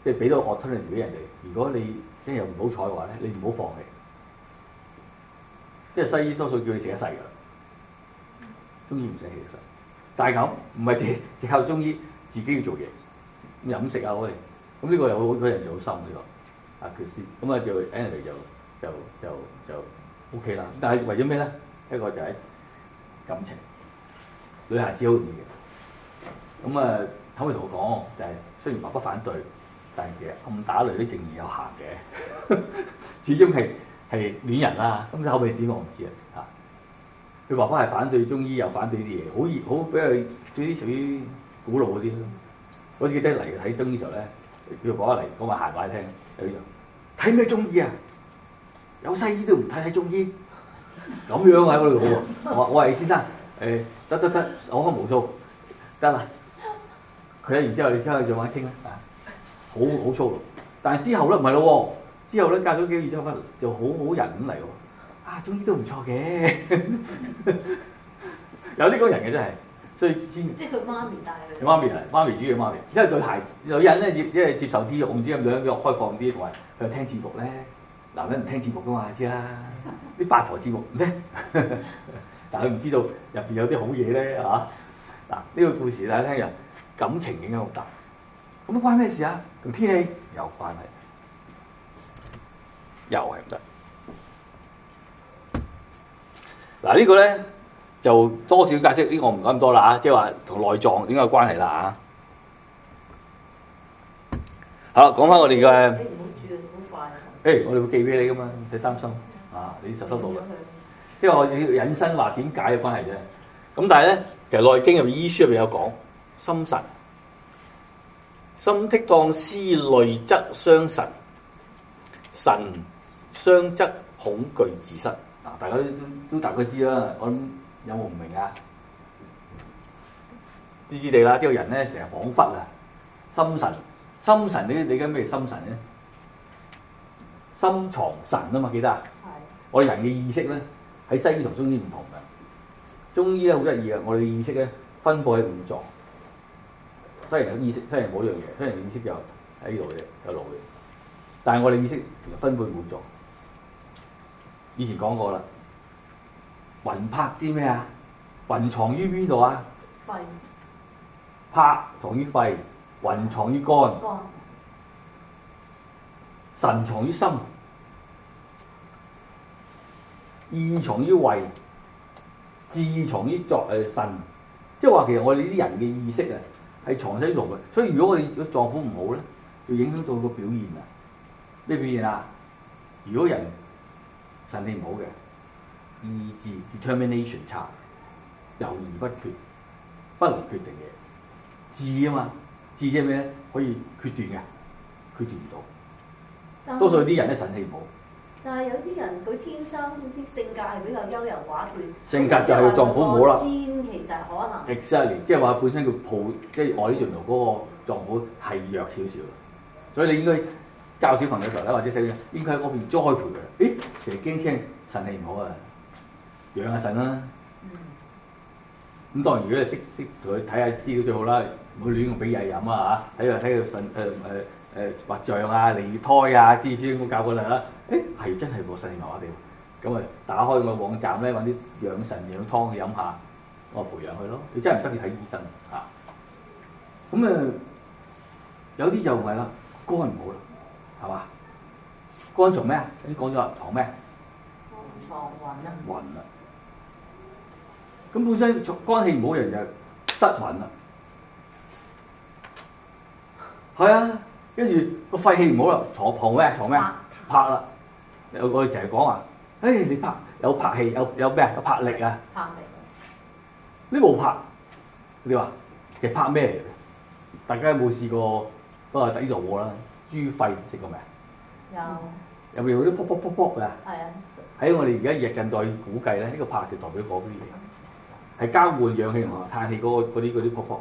即係俾到樂趣嚟俾人哋。如果你跟住又唔好彩嘅話咧，你唔好放棄。即係西醫多數叫佢食一世㗎，中醫唔使食一世。大狗唔係隻隻靠中醫，自己要做嘢。飲食啊，我哋咁呢個又好，嗰、這個、人又好深呢、這個阿傑師。咁啊、嗯、就 anyway 就就就就 OK 啦。但係為咗咩咧？一個就係感情，女孩子好容易嘅。咁、嗯、啊，可唔可以同我講？就係、是、雖然話不反對，但係其實暗打雷都仍然有限嘅。 始終係。係戀人啦，咁就後面點我唔知啊嚇。佢爸爸係反對中醫，又反對啲嘢，好熱好比較啲屬於古老嗰啲咯。我記得嚟睇中醫時候咧，佢爸爸嚟講埋閒話聽，睇咩中醫啊？有西醫都唔睇睇中醫，咁樣喺嗰度喎。我我係先生誒，得得得，我開無數得啦。佢睇完之後，你之後再揾傾啦。好好粗魯咯，但係之後咧唔係咯喎。之後咧，隔咗幾個月之後，返就好好人咁嚟喎。啊，中醫都唔錯嘅，有呢個人嘅真係，所以即係佢媽咪帶佢。媽咪啊，媽咪主要媽咪，因為佢孩女人咧接因為接受啲我唔知咁樣比較開放啲，同埋佢聽節目咧，男人唔聽節目㗎嘛，你知啦。啲八台節目唔聽，但佢唔知道入邊有啲好嘢咧嚇。嗱、啊、呢、呢個故事大家聽人感情影響好大，咁關咩事啊？同天氣有關係。又係唔得。嗱、這個、呢個咧就多少解釋，呢、這個唔講咁多啦嚇、啊，即係話同內臟點解有關係啦吓，好、啊，講、啊、翻我哋嘅，誒、啊，我哋會寄俾你噶嘛，唔使擔心。啊，你就收到啦。即係我要引申話點解嘅關係啫。咁、啊、但係咧，其實內經入邊醫書入邊有講，心神，心怵惕思慮則傷神，神。傷則恐懼自失，嗱，大家都都大概知啦。我諗有冇唔明啊？啲啲地啦，即係人咧成日恍惚啊，心神心神，你你而家咩心神咧？心藏神啊嘛，記得啊？我哋人嘅意識咧，喺西醫同中醫唔同嘅。中醫咧好得意嘅，我哋意識咧分佈喺五臟。西人嘅意識，西人冇呢樣嘢，西人意識有，喺度嘅有喺腦嘅。但係我哋意識就分佈喺五臟。以前講過啦，魂魄啲咩啊？魂藏於邊度啊，魄肥藏於肺，魂藏於肝，肝光神藏於心，意藏於胃，志藏於作誒腎、呃。即係話其實我哋呢啲人嘅意識啊，係藏喺度嘅。所以如果我哋個狀況唔好咧，就影響到個表現啊。咩表現啊？如果人神氣唔好嘅意志 determination 差，猶豫不決，不能決定嘅。智啊嘛，智即係咩咧？可以決斷嘅，決斷唔到。多數啲人咧，神氣唔好，但係有啲人佢天生啲性格係比較優柔寡斷。性格就係臟腑唔好啦。偏其實可能。嗯嗯、exactly 即係話本身佢抱即係外在嗰個臟腑係弱少少，所以你應該。教小朋友嚟啦，或者睇下應該喺嗰邊栽培嘅。誒，成日驚青，腎氣唔好啊，養下腎啦。咁當然，如果你識識同佢睇下資料最好啦，唔好亂俾嘢飲啊嚇。睇下睇下腎，誒誒誒白象啊、離胎啊啲師傅教過你啦。誒係真係冇腎氣麻麻地，咁啊打開個網站咧，揾啲養腎嘅湯飲下，我培養佢咯。你真係唔得要睇醫生嚇。咁、啊、誒有啲就唔係啦，肝唔好啦。係嘛？肝藏咩？你講咗，藏咩？藏魂啦。魂啦。咁本身從肝氣唔好，人就失魂啦。係啊，跟住個肺氣唔好啦，藏藏咩？藏咩？魄啦。有個成日講話，誒你魄有魄氣，有有咩？有魄力啊。魄力。你冇魄，你話其實魄咩嚟嘅？大家有冇試過？不過抵做我啦。豬肺食過未啊？有有咪用啲噗噗噗噗㗎？係啊、嗯。喺我哋而家日近代估計咧，呢、呢個拍就代表嗰啲嘢，係交換氧氣同埋氮氣嗰啲啲噗噗，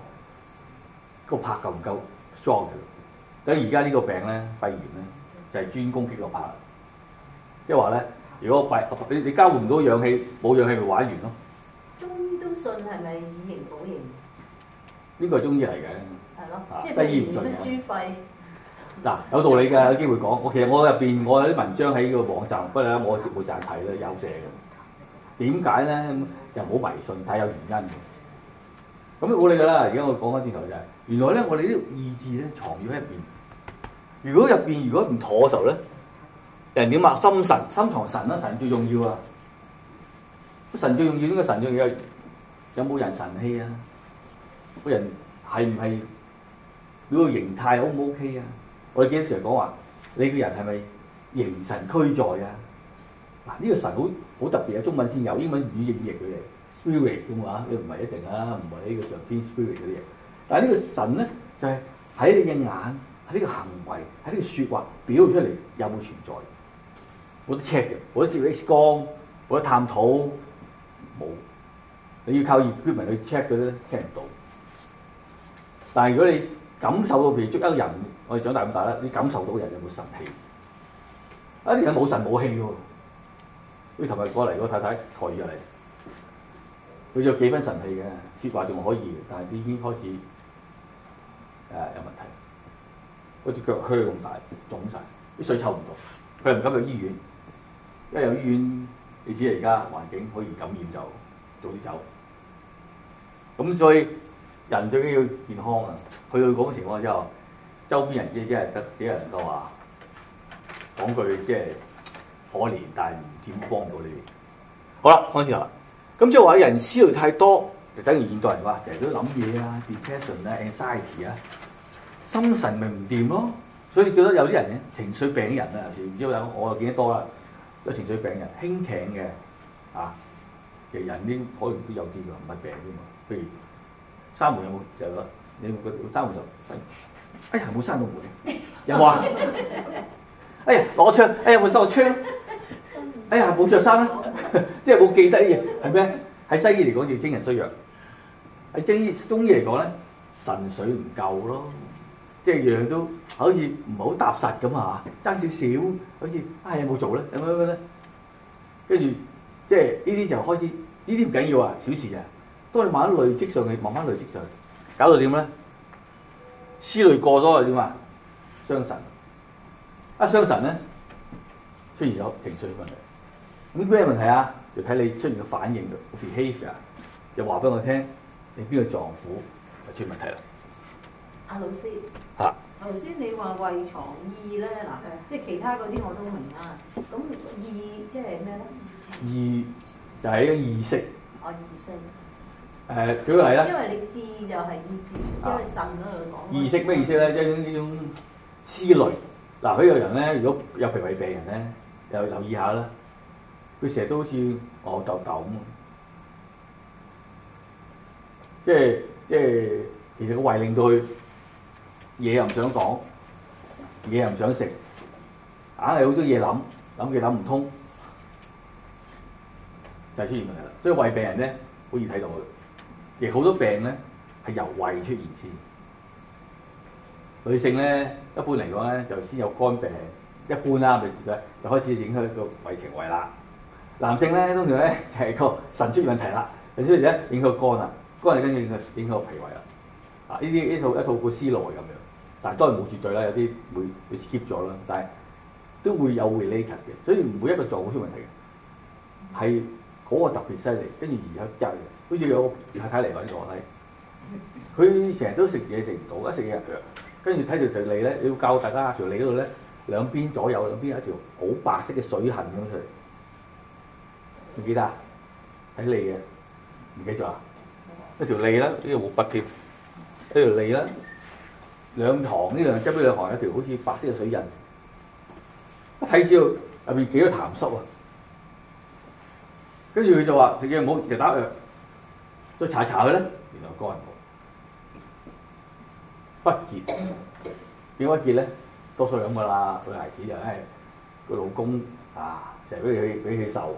個拍夠唔夠 strong 嘅？咁而家呢個病咧肺炎咧，就係專攻擊個拍，即係話咧，如果肺你你交換唔到氧氣，冇氧氣咪玩完咯。中醫都信係咪以形補形？呢個係中醫嚟嘅。係咯，即信肺炎。譬如咩豬肺。嗱、啊，有道理㗎，有機會講。我其實我入邊我有啲文章喺個網站，不過咧我冇時間睇啦，有寫嘅點解咧？又唔好迷信，睇有原因嘅。咁冇理㗎啦。而家我講翻轉頭就係、是，原來咧我哋啲意志咧藏住喺入邊。如果入邊如果唔妥嘅時候咧，人點啊？心神心藏神啦、啊，神最重要啊。神最重要應、啊、該神最重要、啊神最重要啊、有冇人神氣啊？個人係唔係嗰個形態 O 唔 O K 啊？我哋以前成日講話，你嘅人係咪形神俱在啊？嗱，呢個神好好特別啊！中文先有，英文語譯譯佢哋 spirit 咁啊，佢唔係一成啊，唔係呢個上天 spirit 嗰啲嘢。但係呢個神咧，就係喺你嘅眼，喺呢個行為，喺呢個説話表露出嚟有冇存在？我都 check 嘅，我都照 X 光，我都探討，冇。你要靠熱居民去 check 嘅咧，聽唔到。但係如果你感受到譬如捉一個人，我哋長大咁大啦，你感受到人有冇神氣？啊，啲人冇神冇氣喎。啲琴日過嚟個太太台，台語啊你，佢有幾分神氣嘅，説話仲可以，但係佢已經開始誒、呃、有問題。嗰隻腳靴咁大，腫晒，啲水抽唔到，佢又唔敢入醫院，一入醫院你知啊，而家環境可以感染就早啲走。咁所以人最緊要健康啊！去到嗰種情況之後。周邊人啫，真係得幾人多啊？講句即係可憐，但係唔點幫到你？好啦，講次啦。咁即係話人思慮太多，就等於現代人話成日都諗嘢啊，depression 啊，anxiety 啊，ression, An iety, 心神咪唔掂咯。所以覺得有啲人情緒病人啊，而家有我又見得多啦，有情緒病人輕頸嘅啊，其實人啲可能都有啲㗎，唔係病㗎嘛。譬如珊瑚有冇就有啦，你覺得珊瑚就哎呀，冇閂個門有冇話，哎呀，攞窗，哎呀，冇收窗，哎呀，冇着衫啦， 即係冇記得嘢，係咩？喺西醫嚟講叫精神衰弱，喺中醫中醫嚟講咧，腎水唔夠咯，即係樣樣都好似唔係好踏實咁啊，爭少少，好似哎呀冇做咧，咁樣樣咧，跟住即係呢啲就開始，呢啲唔緊要啊，小事啊，當你慢慢累積上去，慢慢累積上去，搞到點咧？思慮過咗係點啊？傷神，一傷神咧，出現咗情緒問題。咁咩問題啊？就睇你出現嘅反應，behavior，又話俾我聽，你邊個臟腑出問題啦？阿老師，嚇下，頭先你話胃藏意咧，嗱，即係其他嗰啲我都明啊。咁意即係咩咧？就是、意就係、是、一個意識。哦，意識。誒舉個例啦，呃、因為你知就，就係意識，因為神嗰度講。意識咩意思咧？即係呢種思慮。嗱、呃，有一個人咧，如果有脾胃病人咧，就留意下啦。佢成日都好似屙、哦、豆豆咁，即係即係其實個胃令到佢嘢又唔想講，嘢又唔想食，硬係好多嘢諗，諗極諗唔通，就係出現問題啦。所以胃病人咧好易睇到佢。亦好多病咧係由胃出現先。女性咧一般嚟講咧就先有肝病，一般啦，唔係絕對，就開始影響一個胃腸胃啦。男性咧通常咧係、就係、個腎出問題啦，腎出問題影響肝啦，肝就跟住影響影響個脾胃啦。啊，呢啲呢套一套個思路係咁樣，但係當然冇絕對啦，有啲會會 skip 咗啦，但係都會有 related 嘅，所以唔每一個臟會出問題嘅，係嗰個特別犀利，跟住而家。好似有個太太嚟講呢個，睇佢成日都食嘢食唔到，一食藥，跟住睇條條脷咧，要教大家條脷嗰度咧，兩邊左右兩邊有一條好白色嘅水痕咁出嚟，記唔記得啊？睇脷嘅，唔記得啊？一條脷啦，呢個鬢鬢，一條脷啦，兩行呢樣一邊兩行一條好似白色嘅水印，一睇之後入邊幾多痰濕啊？跟住佢就話，直接冇，直接打藥。再查查佢咧，原來肝寒，不結，點解結咧？多數咁噶啦，女孩子就誒、是、個老公啊，成日俾佢俾佢受，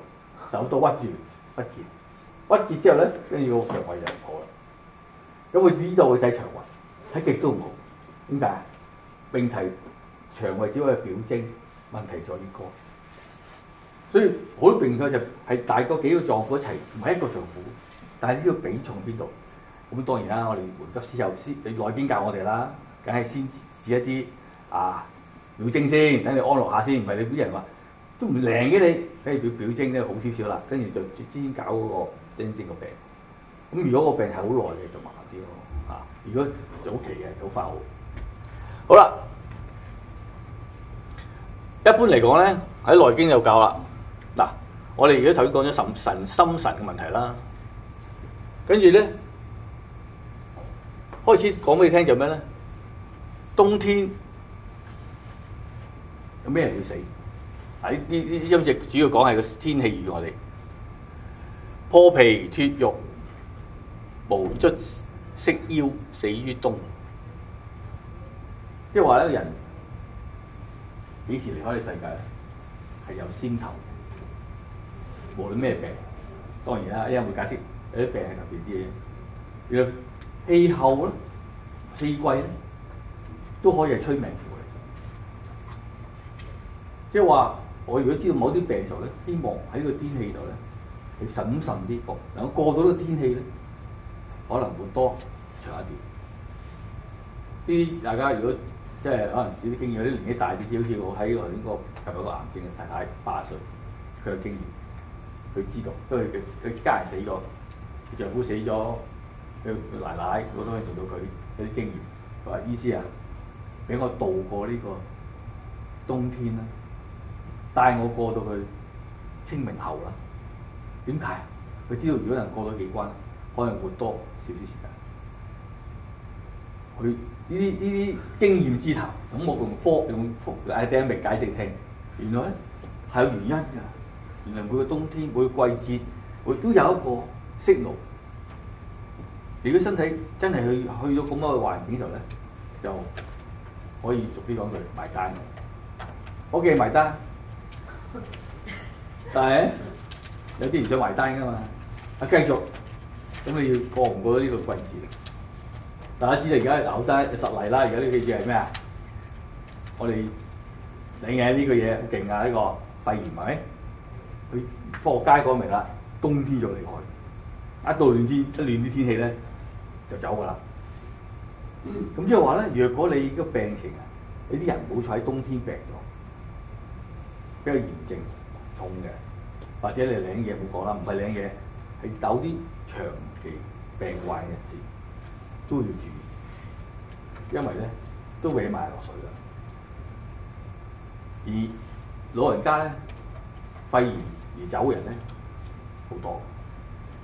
手都屈住，不結，屈結之後咧，跟住個腸胃就唔好啦。咁佢知道佢睇腸胃，睇極都唔好。點解啊？並提腸胃只係表徵，問題在於肝。所以好多病況就係、是、大個幾個臟腑一齊，唔係一個臟腑。但係呢個比重邊度咁？當然啦，我哋緩急施後先。你內經教我哋啦，梗係先治一啲啊表徵先，等你安樂下先。唔係你啲人話都唔靈嘅你，跟住表表徵咧好少少啦，跟住就專專搞嗰個真正個病。咁如果個病係好耐嘅，就麻煩啲咯嚇。如果早期嘅就快好快好。好啦，一般嚟講咧，喺內經就教啦。嗱，我哋而家頭先講咗神神心神嘅問題啦。跟住咧，開始講俾你聽就咩咧？冬天有咩人會死？喺呢呢呢一隻主要講係個天氣與我哋破皮脫肉、無卒色腰死於冬，即係話咧，個人幾時離開呢世界咧？係有先頭，無論咩病，當然啦，一樣會解釋。有啲病入邊啲嘢，其實氣候咧、四季咧，都可以係催命符嚟。即係話，我如果知道某啲病就咧，希望喺個天氣度咧係謹慎啲過。等過咗呢個天氣咧，可能會多長一啲。啲大家如果即係可能少啲經驗，啲年紀大啲啲，好似我喺我應該近嗰個癌症嘅太太，八十歲，佢有經驗，佢知道，因為佢佢家人死咗，丈夫死咗，佢奶奶奶都可以做到佢有啲經驗。佢話：醫師啊，俾我渡過呢個冬天啦，帶我過到去清明後啦。點解？佢知道如果能過到幾關，可能會多少少時間。佢呢啲呢啲經驗之談，咁我用科用阿 d a n i 解釋聽，原來咧係有原因㗎。原來每個冬天每個季節，我都有一個。適勞，如果身體真係去去到咁多個環境時候咧，就可以逐啲講句埋單。我記埋單，但係有啲唔想埋單噶嘛？啊，繼續，咁你要過唔過呢個季節？大家知道而家劉生實例啦，而家呢啲例子係咩啊？我哋你嘅呢個嘢好勁啊！呢、這個肺炎，係咪？佢科學界講明啦，冬天就厲害。一到暖天，一暖啲天氣咧就走㗎啦。咁即係話咧，若果你個病情啊，你啲人唔好坐喺冬天病咗比較炎症重嘅，或者你領嘢冇講啦，唔係領嘢，係有啲長期病患嘅人士都要注意，因為咧都歪埋落水啦。而老人家咧肺炎而走嘅人咧好多。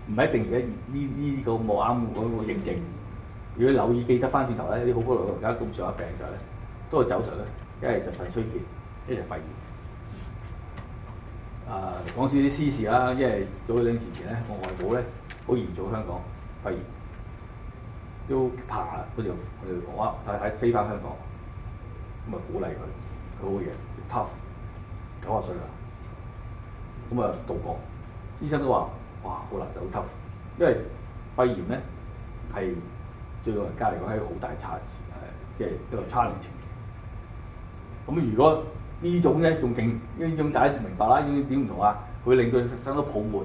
唔係一定而家呢呢個冇啱嗰個認證。如果留意記得翻轉頭咧，啲好高老人家咁上下病狀咧，都係走神咧，一係就腎衰竭，一係肺炎。啊，講少啲私事啦，因為早幾年之前咧，我外母咧好嚴重香港肺炎，都爬嗰條嗰條房啊，喺喺飛翻香港，咁啊鼓勵佢，佢好嘢，tough，九十歲啦，咁啊渡過，醫生都話。哇！好難走透，因為肺炎咧係對老人家嚟講係好大差誒，即係一個 challenge，咁如果呢種咧仲勁，因為呢種大家明白啦，呢點唔同啊？佢令到生到泡沫、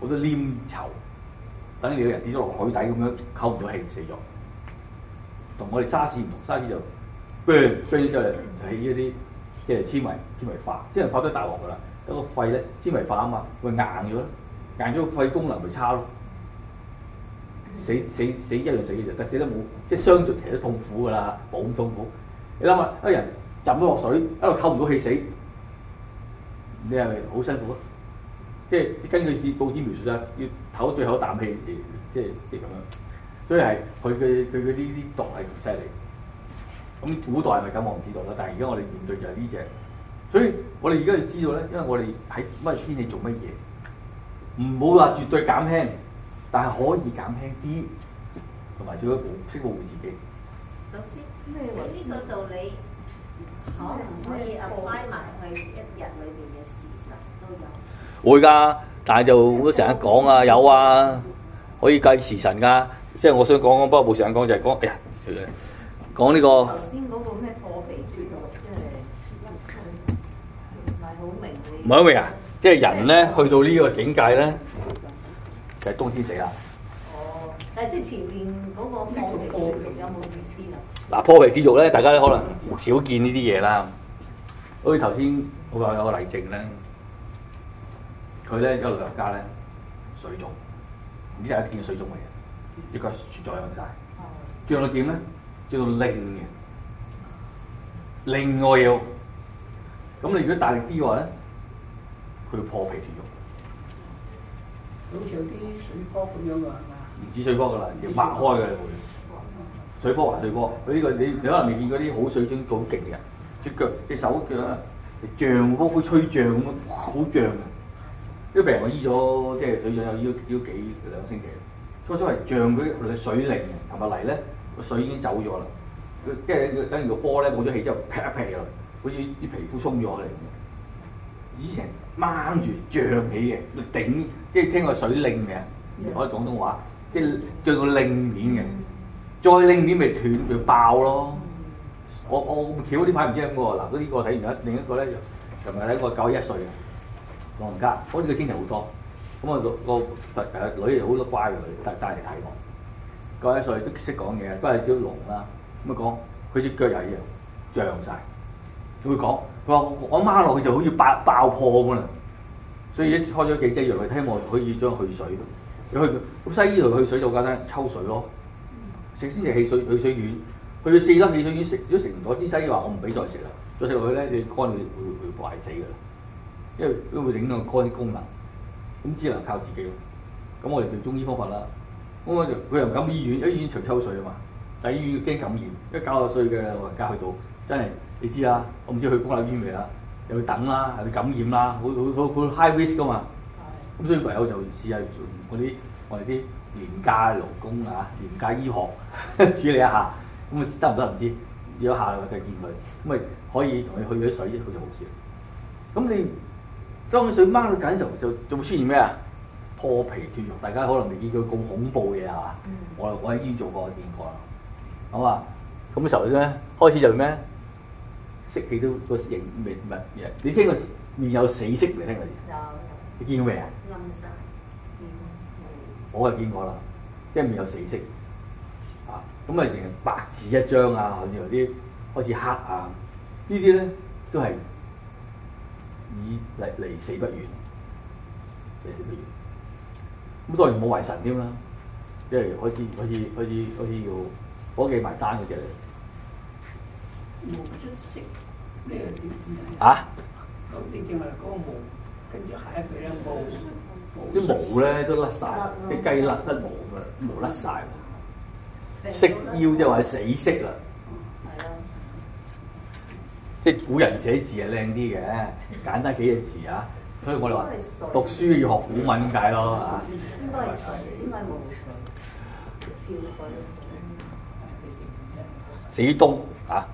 好多黏稠，等你個人跌咗落海底咁樣，吸唔到氣死咗。同我哋沙士唔同，沙士就 bang 嚟，就係一啲即係纖維纖維化，纖維化咗大鑊噶啦。一個肺咧纖維化啊嘛，會硬咗咧。硬咗個肺功能咪差咯，死死死一樣死嘢嚟，但死得冇即係相對其實都痛苦噶啦，冇咁痛苦。你諗下，一人浸咗落水，一路吸唔到氣死，你係咪好辛苦啊？即係根據報紙描述啊，要唞最後一啖氣嚟，即係即係咁樣。所以係佢嘅佢嘅呢啲毒係咁犀利。咁古代係咪咁我唔知道啦，但係而家我哋面對就係呢隻。所以我哋而家要知道咧，因為我哋喺乜天氣做乜嘢。唔會話絕對減輕，但係可以減輕啲，同埋最後一步識保護自己。老師，咁係話呢個道理可唔可以 apply 埋去一日裏邊嘅時辰都有？會㗎，但係就我都成日講啊，有啊，可以計時辰㗎。即係我想講，不過冇時間講就係講，哎呀，小姐，講呢個頭先嗰個咩破比柱，即係唔係好明你？唔係啊！即係人咧，去到呢個境界咧，就係、是、冬天死啦。哦，誒，即係前面嗰個咩破皮肉有冇意思啊？嗱，破皮之肉咧，大家咧可能少見呢啲嘢啦。好似頭先我話有個例證咧，佢咧一個糧家咧水腫，唔知又係點嘅水腫嚟嘅嘢，一個再養曬，養、嗯、到點咧？叫做拎嘅，另外要。咁你如果大力啲嘅話咧？佢破皮斷肉，好似有啲水波咁樣嘅係嘛？唔止水波㗎啦，要擘開嘅會波。水波還水波，佢呢個你、嗯、你可能未見過啲好水晶好勁嘅，隻腳隻手腳啊，漲波好似吹漲咁啊，好漲嘅。因為病人我醫咗即係水腫，又醫咗醫咗幾兩個星期，初初係漲嗰啲水靈，同埋泥咧個水已經走咗啦。佢即係等於個波咧，冇咗氣之後劈一劈啊，好似啲皮膚鬆咗嚟。以前。掹住漲起嘅，頂即係聽個水令嚟啊！我講廣東話，即係漲到令面嘅，再令面咪斷咪爆咯。我、這個、我咁巧呢排唔知點喎嗱，呢個睇完啦，另一個咧就琴日睇個九一歲嘅老人家，好似佢精神好多。咁、那、啊、個，個女好多乖嘅女帶帶嚟睇我。九一歲都識講嘢，都係小聾啦。咁啊講，佢隻腳又一樣，漲晒。佢講。佢話我掹落去就好似爆爆破咁啦，所以一開咗幾劑藥佢睇，希望可以將佢去水。去咁西醫就去水做簡單抽水咯，食先就汽水汽水丸，佢要四粒汽水丸食咗，食唔到先西醫話我唔俾再食啦，再食落去咧你肝會會會壞死噶，因為都會影響肝啲功能。咁只能靠自己。咁我哋用中醫方法啦。咁我就，佢又唔敢去醫院，醫院除抽水啊嘛，但醫院驚感染，一九十歲嘅老人家去到真係。你知啦，我唔知去公立醫院未啦，又要等啦，又要感染啦，好好好 high risk 噶嘛。咁所以唯有就試下做嗰啲，我哋啲廉價勞工啊，廉價醫學處理一下，咁啊得唔得唔知，如果下個月就見佢，咁咪可以同佢去咗水，佢就好少。咁你當水掹到緊嘅時候，就就會出現咩啊？破皮脫肉，大家可能未見過咁恐怖嘅嘢啊！我我喺醫院做過見過。好啊，咁嘅時候咧，開始就咩？色氣都個形面唔係，你聽過面有死色未聽過？你見過未啊？暗我係見過啦，即係面有死色，啊咁啊，成、嗯嗯嗯嗯、白紙一張啊，好似有啲開始黑啊，呢啲咧都係以嚟離死不遠，離死不遠。咁、嗯、當然冇為神添啦，即係開始開始開始開始要夥計埋單嗰隻。冇出色，呢個點啊？嚇！咁你淨係講毛，跟住下一句啊，啲毛咧都甩晒曬，啲雞甩得毛㗎，毛甩晒喎。色腰即就話死色啦，係啊！ 即係古人寫字係靚啲嘅，簡單幾隻字啊，所以我哋話讀書要學古文解咯啊。應該係水，應該係冇水，少水。死東啊！啊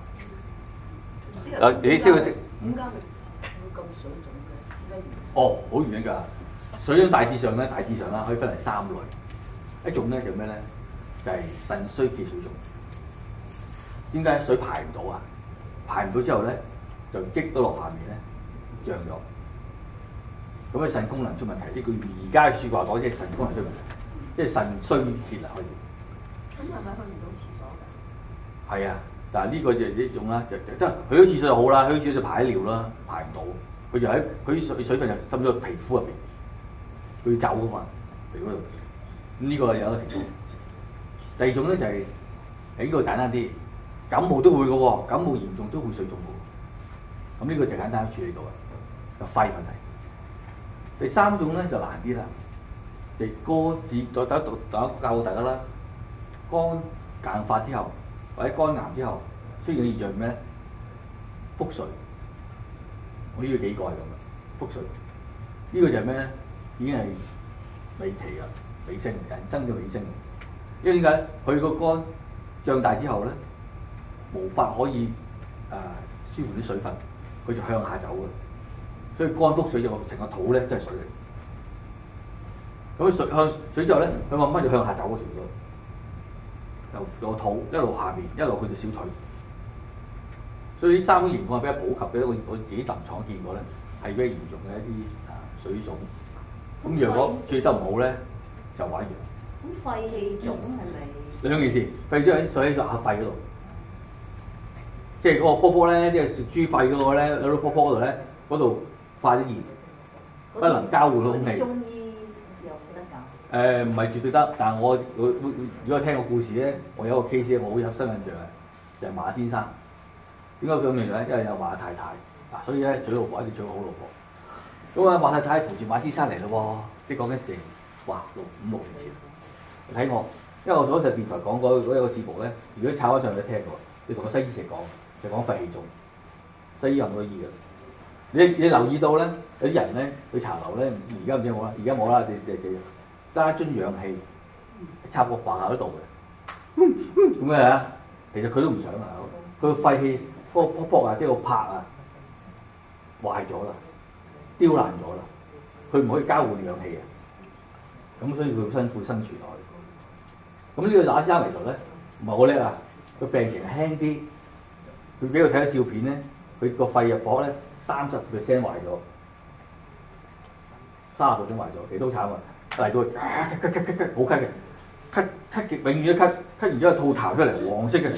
誒，你先何會點解會咁水腫嘅？哦，好原因㗎，水腫大致上咧，大致上啦，可以分為三類。一種咧就咩咧？就係、是、腎衰竭水腫。點解水排唔到啊？排唔到之後咧，就積到落下面咧，漲咗。咁咧腎功能出問題啲，佢而家嘅説話講即係腎功能出問題，即係、就是、腎功能出問題、就是、腎衰竭可以。咁係咪去唔到廁所㗎？係啊。但係呢個就係呢種啦，就即係佢啲次數就好啦，佢好似就排尿啦，排唔到，佢就喺佢水、水分就滲咗皮膚入邊，佢走嘅嘛皮膚度，咁、這、呢個係有一個情況。第二種咧就係應該簡單啲，感冒都會嘅喎，感冒嚴重都會水腫嘅喎。咁呢個就簡單處理到嘅，就肺問題。第三種咧就難啲啦，即係肝治，再等一讀等教大家啦，肝硬化之後。或者肝癌之後出現嘅現象係咩？腹水，我呢個幾怪咁嘅腹水，呢個就係咩咧？已經係尾期啦，尾聲，人生嘅尾聲。因為點解？佢個肝脹大之後咧，無法可以誒、呃、舒緩啲水分，佢就向下走嘅。所以肝腹水就成個肚咧都係水嚟。咁水向水之後咧，佢慢慢就向下走嘅程度。由個肚一路下面一路去到小腿，所以呢三種情況係比較普及嘅。我我自己臨床見過咧，係比較嚴重嘅一啲水腫。咁若、嗯、果注意得唔好咧，就玩完。咁肺氣腫係咪？兩件、嗯、事，肺，肺、嗯、即係水喺個下肺嗰度，即係嗰個波波咧，即係食豬肺嗰、那個咧，喺、那、度、個、波波嗰度咧，嗰度發啲熱，不能交換到空氣。誒唔係絕對得，但係我會會如果聽個故事咧，我有一個 case 我好有新印象嘅，就係、是、馬先生點解咁形容咧？因為有，有馬太太嗱，所以咧娶老婆一定要娶個好老婆。咁、嗯、啊，馬太太扶住馬先生嚟咯喎，即係講緊成哇六五六年前，你睇我，因為我所喺電台講嗰一個節目咧，如果炒咗上嚟聽嘅話，你同個西醫成講就講肺氣腫西醫入唔到醫嘅。你你留意到咧，有啲人咧去茶樓咧，而家唔知我有冇啊？而家冇啦，得一樽氧氣插個鼻口嗰度嘅，做咩啊？其實佢都唔想、那個、泡泡啊，佢、這個肺氣個搏搏啊，即係個拍啊，壞咗啦，刁爛咗啦，佢唔可以交換氧氣啊，咁所以佢辛苦生存落去。咁、這個、呢個打吒嚟頭咧，唔係好叻啊，佢病情輕啲，佢畀佢睇咗照片咧，佢個肺入搏咧三十 percent 壞咗，卅十 percent 壞咗，幾都慘啊？嚟到啊咳咳咳咳好咳嘅，咳咳極，永遠都咳，咳完之後套痰出嚟，黃色嘅。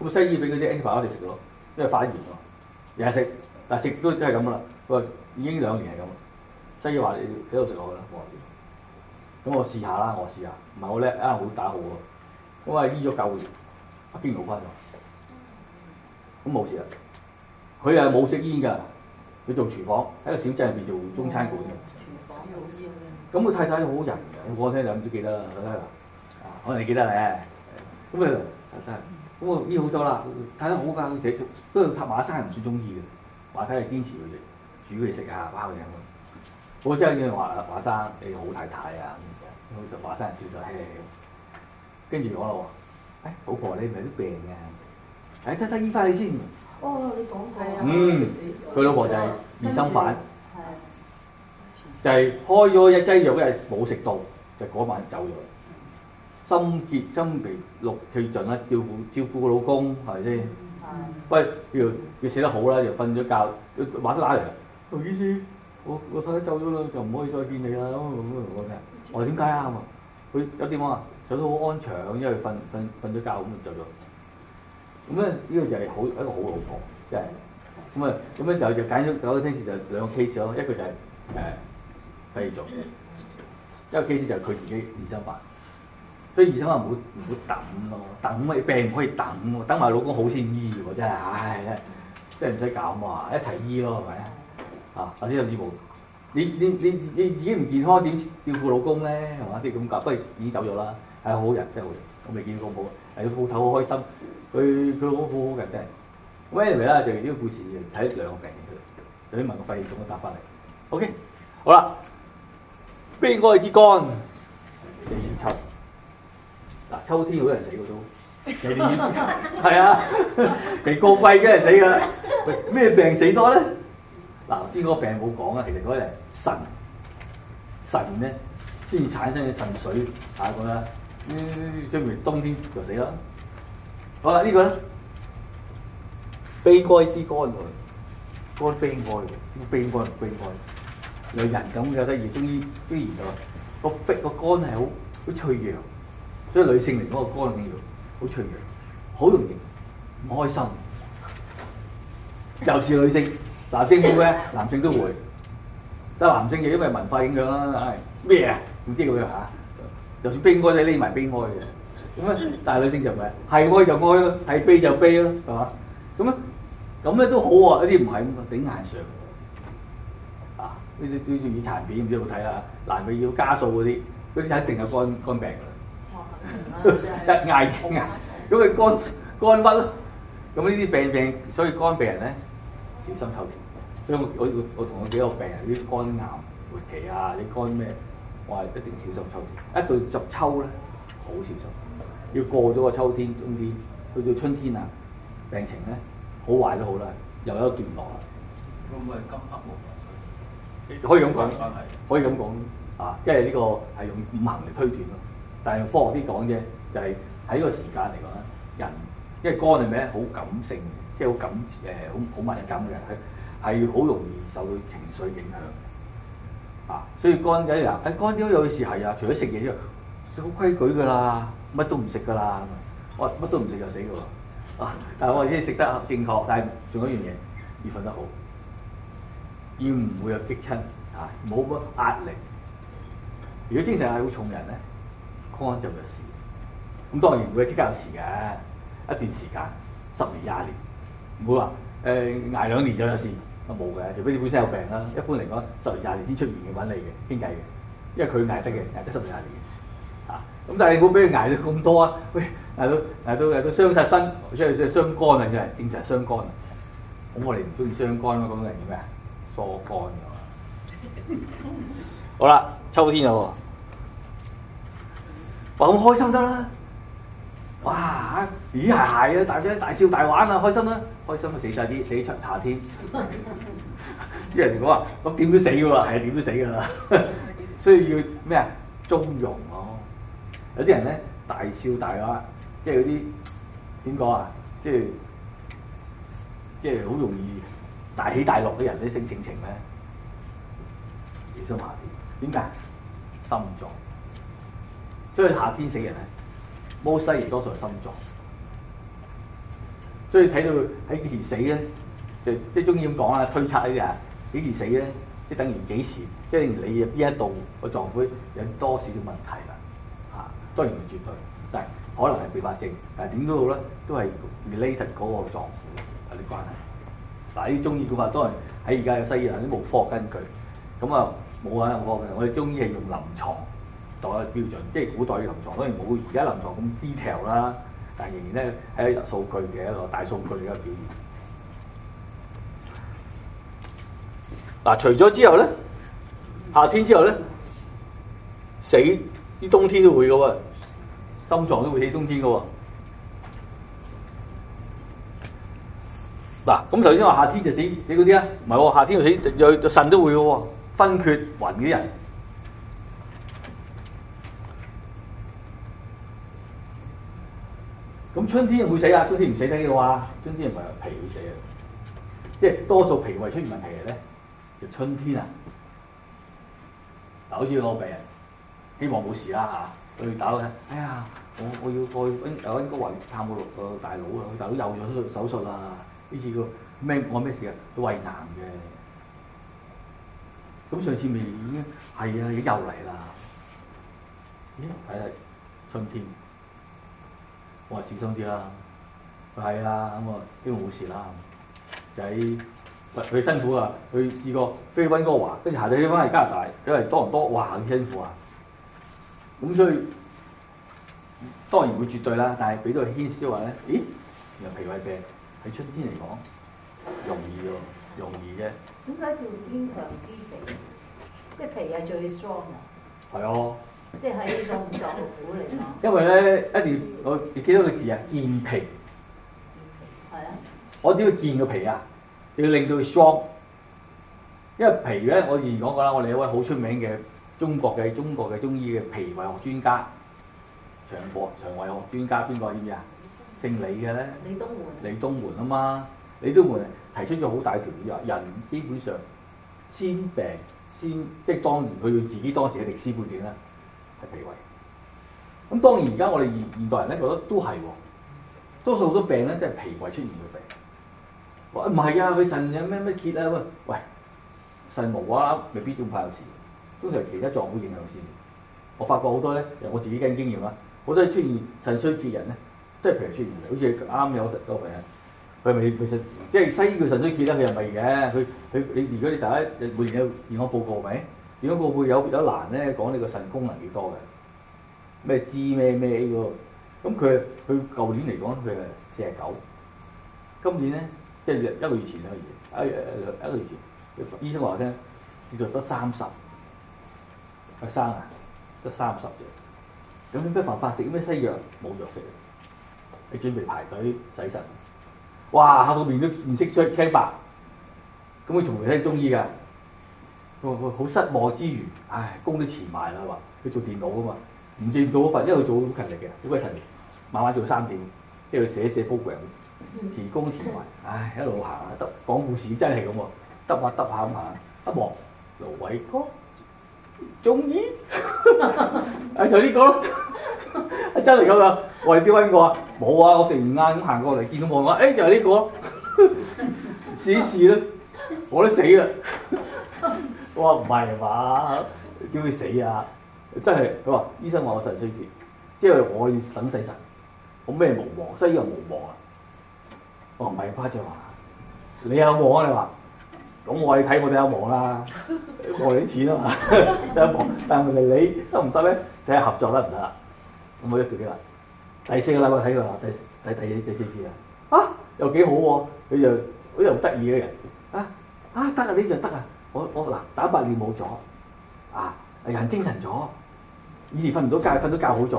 咁西醫俾嗰啲 NBA 嗰啲食嘅咯，因為發炎喎。日日食，但係食都都係咁啦。佢話已經兩年係咁。西醫話你幾度食我嘅，我話點？咁我試下啦，我試下，唔係好叻，啱好打好。喎。咁啊，醫咗九年，阿邊冇翻咗。咁冇事啦。佢又冇食煙㗎，佢做廚房喺個小鎮入邊做中餐館。咁佢太太好人嘅，我講聲就唔知記得啦。可能你記得咧。咁啊，真係。咁我醫好咗啦，睇得好啱食。不過塔馬生係唔算中醫嘅，馬太係堅持佢食，煮佢食啊，包佢飲啊。我之後呢話馬生，你好太太啊咁樣。就馬生笑咗聲。跟住我啦喎，誒老婆你係咪啲病啊？誒睇睇醫翻你先。哦，你講佢。嗯，佢老婆就係二生反。就係開咗一劑藥，又冇食到，就嗰晚走咗。心潔身平六氣盡啦，照顧照顧個老公係咪先？係。喂、嗯，又又死得好啦，又瞓咗覺，話都打嚟。唔好意思，我我身體走咗啦，就唔可以再見你啦，咁樣咁樣講嘅。我話點解啊？咁啊，佢酒店話走得好安詳，因為瞓瞓瞓咗覺咁就走咗。咁咧呢個又係好一個好老婆，即、就、係、是。咁啊咁咧就樣就揀咗揀咗聽時就兩個 case 咯，一個就係誒。肺腫，一個機師就係佢自己二三法。所以二三法唔好唔好等咯，等咪病唔可以等等埋老公好先醫喎，真係，唉，真係唔使搞啊，一齊醫咯，係咪啊？啊，頭先有耳部，你你你你自己唔健康點照顧老公咧？係嘛？即係咁解，不如已經走咗啦，係、哎、好人，真係好我未見過冇，係個副手好開心，佢佢好好嘅真係。anyway 啊，就呢個故事睇兩個病，佢，有啲問個肺腫都答翻嚟，OK，好啦。好悲哀之肝，死千七。嗱，秋天好多人死噶都，係啊， 幾高貴嘅人死噶啦。喂，咩病死多咧？嗱，頭先嗰個病冇講啊，其實嗰啲人腎，腎咧先產生嘅腎水，下一個，準、啊、備冬天就死啦。好啦，這個、呢個咧，悲哀之肝。來，干悲哀，悲哀，悲哀。悲女人咁有得熱，中醫中醫就話個逼個肝係好好脆弱，所以女性嚟講個肝要，好脆弱，好容易唔開心。 就是女性，男性點咩？男性都會，但係男性就因為文化影響啦，唉咩啊？唔麼知咁樣嚇， 就算悲哀都匿埋悲哀嘅，咁咧。但係女性就唔係，係愛就愛咯，係悲就悲咯，係嘛？咁咧，咁咧都好啊，有啲唔係咁啊，頂硬上。呢啲最注意殘片，唔知有冇睇啦？難嘅要加數嗰啲，嗰啲肯定有肝肝病㗎啦。一嗌已經啊，咁啊肝肝鬱啦。咁呢啲病病，所以肝病人咧，小心秋天。所以我我我同我，我，我，我幾個病人啲肝癌、活期啊、你肝咩，我、啊、係一定小心秋天。一到著秋咧，好小心。要過咗個秋天、冬天，去到春天啊，病情咧好壞都好啦，又有一個段落啦。咁唔會金黑可以咁講，可以咁講啊！即係呢個係用五行嚟推斷咯，但係科學啲講啫，就係喺個時間嚟講咧，人因為肝係咩？好感性，即係好感誒，好好敏感嘅，係係好容易受到情緒影響啊！所以肝仔啊，喺肝都有時係啊！除咗食嘢之外，食好規矩噶啦，乜都唔食噶啦，我乜都唔食就死嘅喎啊！但係我話即係食得正確，但係仲有一樣嘢要瞓得好。要唔會有激親嚇，冇乜壓力。如果精神係好重人咧，康就有事。咁當然會有即刻有事嘅，一段時間十年廿年唔會話誒捱兩年就有事，都冇嘅。除非你本身有病啦。一般嚟講，十年廿年先出現嘅揾你嘅傾偈嘅，因為佢捱得嘅，捱得十年廿年嘅。咁但係你冇俾佢捱到咁多啊！捱到捱到誒都傷晒身，即係傷肝啊！真係正常傷肝啊！咁我哋唔中意傷肝咯，咁樣人叫咩啊？疏梳肝嘅，好啦，秋天啊，我咁開心得啦，哇！咦係係啊，大聲大笑大玩啊，開心啦、啊，開心啊死晒啲死出夏天，啲 人講話我點都死嘅喎，係點都死嘅啦， 所以要咩啊中庸咯、哦，有啲人咧大笑大玩，即係嗰啲點講啊，即係即係好容易。大起大落嘅人都性性情咧？而家夏天點解？心臟，所以夏天死人咧摩西 s 多數係心臟。所以睇到喺幾時死咧，即係即係中意咁講啦，推測呢啲人幾時死咧，即係等於幾時，即係等於你邊一度個臟腑有多少少問題啦。嚇、啊、當然唔絕對，但係可能係併發症。但係點都好咧，都係 related 嗰個臟腑有啲關係。嗱，啲中醫講法當然喺而家嘅西醫行，都冇科學根據，咁啊冇肯定科學嘅。我哋中醫係用臨床代一個標準，即係古代嘅臨床當然冇而家臨床咁 detail 啦，但仍然咧係一個數據嘅一個大數據嘅表現。嗱，除咗之後咧，夏天之後咧，死啲冬天都會嘅喎，心臟都會起冬天嘅喎。嗱，咁頭先話夏天就死死嗰啲啊，唔係喎，夏天就死又腎都會嘅喎，昏厥暈嗰啲人。咁春天會死啊，春天唔死得嘅話，春天唔係脾會死啊，即係多數脾胃出現問題咧，就春天啊。嗱，好似我病，希望冇事啦吓，對打咧，哎呀，我我要再應又應該話探我個大佬啊，大佬又咗手術啦。呢次個咩我咩事啊？佢胃難嘅，咁上次咪已經係啊，又嚟啦。咦、哎？睇下春天，我話小心啲啦。係啦！咁啊，基本冇事啦。喺佢、嗯哎、辛苦啊，佢試過飛溫哥華，跟住下晝飛翻去加拿大，因為多唔多哇，好辛苦啊。咁所以當然會絕對啦，但係俾到個 hint 話咧，咦、哎，有脾胃病。喺春天嚟講，容易喎，容易啫。點解叫堅強之脾強？即係脾係最 strong 嘅。係哦。即係喺呢種臟腑嚟講。因為咧，為一定要 我幾多個字啊？健脾。健脾係啊。 我點要健個脾啊？就要令到佢 strong。因為脾咧，我以前講過啦，我哋一位好出名嘅中國嘅中國嘅中醫嘅脾胃學專家，腸膊腸胃學專家邊個知唔知啊？姓李嘅咧，李東門，李東門啊嘛，李東門提出咗好大條件，人基本上先病先，即係當然佢要自己當時嘅歷史背景咧，係脾胃。咁當然而家我哋現現代人咧，覺得都係、啊，多數好多病咧，都係脾胃出現嘅病。話唔係啊，佢腎有咩咩結啊喎，喂，腎無啊，未必點怕有事。通常其他臟腑影響先。我發覺好多咧，由我自己嘅經驗啦，好多出現腎衰竭人咧。即係譬如出現，好似啱有個病人，佢咪其實即係西醫佢腎衰竭得佢又咪嘅，佢佢你如果你第一每年有健康報告咪？健康報告有有難咧，講你個腎功能幾多嘅？咩肌咩咩呢個？咁佢佢舊年嚟講佢係四十九，49, 今年咧即係一個月前兩個月，一一個月前醫生話聽叫做得三十，阿生啊得三十嘅，咁你咩辦法？食咩西藥？冇藥食。佢準備排隊洗腎，哇！嚇個面都面色衰青白，咁佢從來睇中醫㗎，佢佢好失望之餘，唉工都辭埋啦話，佢做電腦㗎嘛，唔做唔到嗰份，因為佢做好勤力嘅，好鬼勤力，晚晚做三點，即係寫寫報告，辭工辭埋，唉一路行啊，得講故事真係咁喎，得下得下咁行，一望盧偉哥。中醫，係 就呢個咯， 真係咁噶。我哋點揾個啊？冇啊！我食完晏咁行過嚟，見到我話：，哎，就係、是、呢個， 試一試啦。我都死啦！我話唔係啊嘛，叫佢死啊？真係佢話醫生話我腎衰竭，即係我要等死神，我咩無望，西醫又無望啊！我唔係誇張啊，啊！你有望啊？」你話？咁我哋睇我哋阿望啦，望你啲錢啊嘛，阿望， 但係問你你得唔得咧？睇下合作得唔得啦？咁我一做幾啦？第四個禮拜睇佢啦，第第第第四次啦，啊，又幾好喎，啊！佢又佢又得意嘅人，啊啊得啊，呢樣得啊！我我嗱，打八年冇咗，啊人精神咗，以前瞓唔到覺，瞓到覺好咗，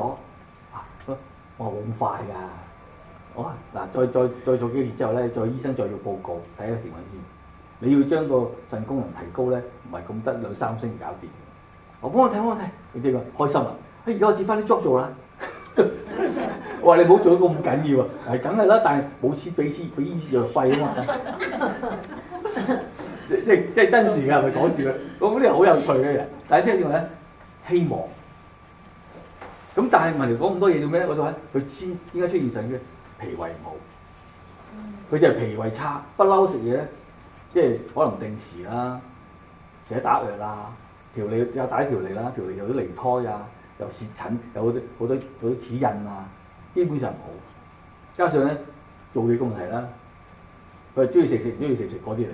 啊我話冇咁快㗎，啊，好啊嗱，啊，再再再做幾年之後咧，再醫生再要報告睇下個情況先。你要將個腎功能提高咧，唔係咁得兩三星搞掂。我幫我睇，幫我睇，佢即係話開心啦。哎，而家我接翻啲 job 做啦。我話你唔好做咁緊要啊，係梗係啦，但係冇錢俾醫俾醫藥費啊嘛。即係即係真事㗎，唔係講笑。我覺得呢好有趣嘅人。但係聽住話咧，希望。咁但係問佢講咁多嘢做咩咧？我話佢先點解出現腎嘅？脾胃唔好，佢就係脾胃差，不嬲食嘢咧。即係可能定時啦，成日打藥啦，條脷又打條脷啦，條脷有啲嚟胎啊，又舌疹，有好多好多好多齒印啊，基本上唔好。加上咧，做嘢工問題啦，佢中意食食，中意食食嗰啲嚟，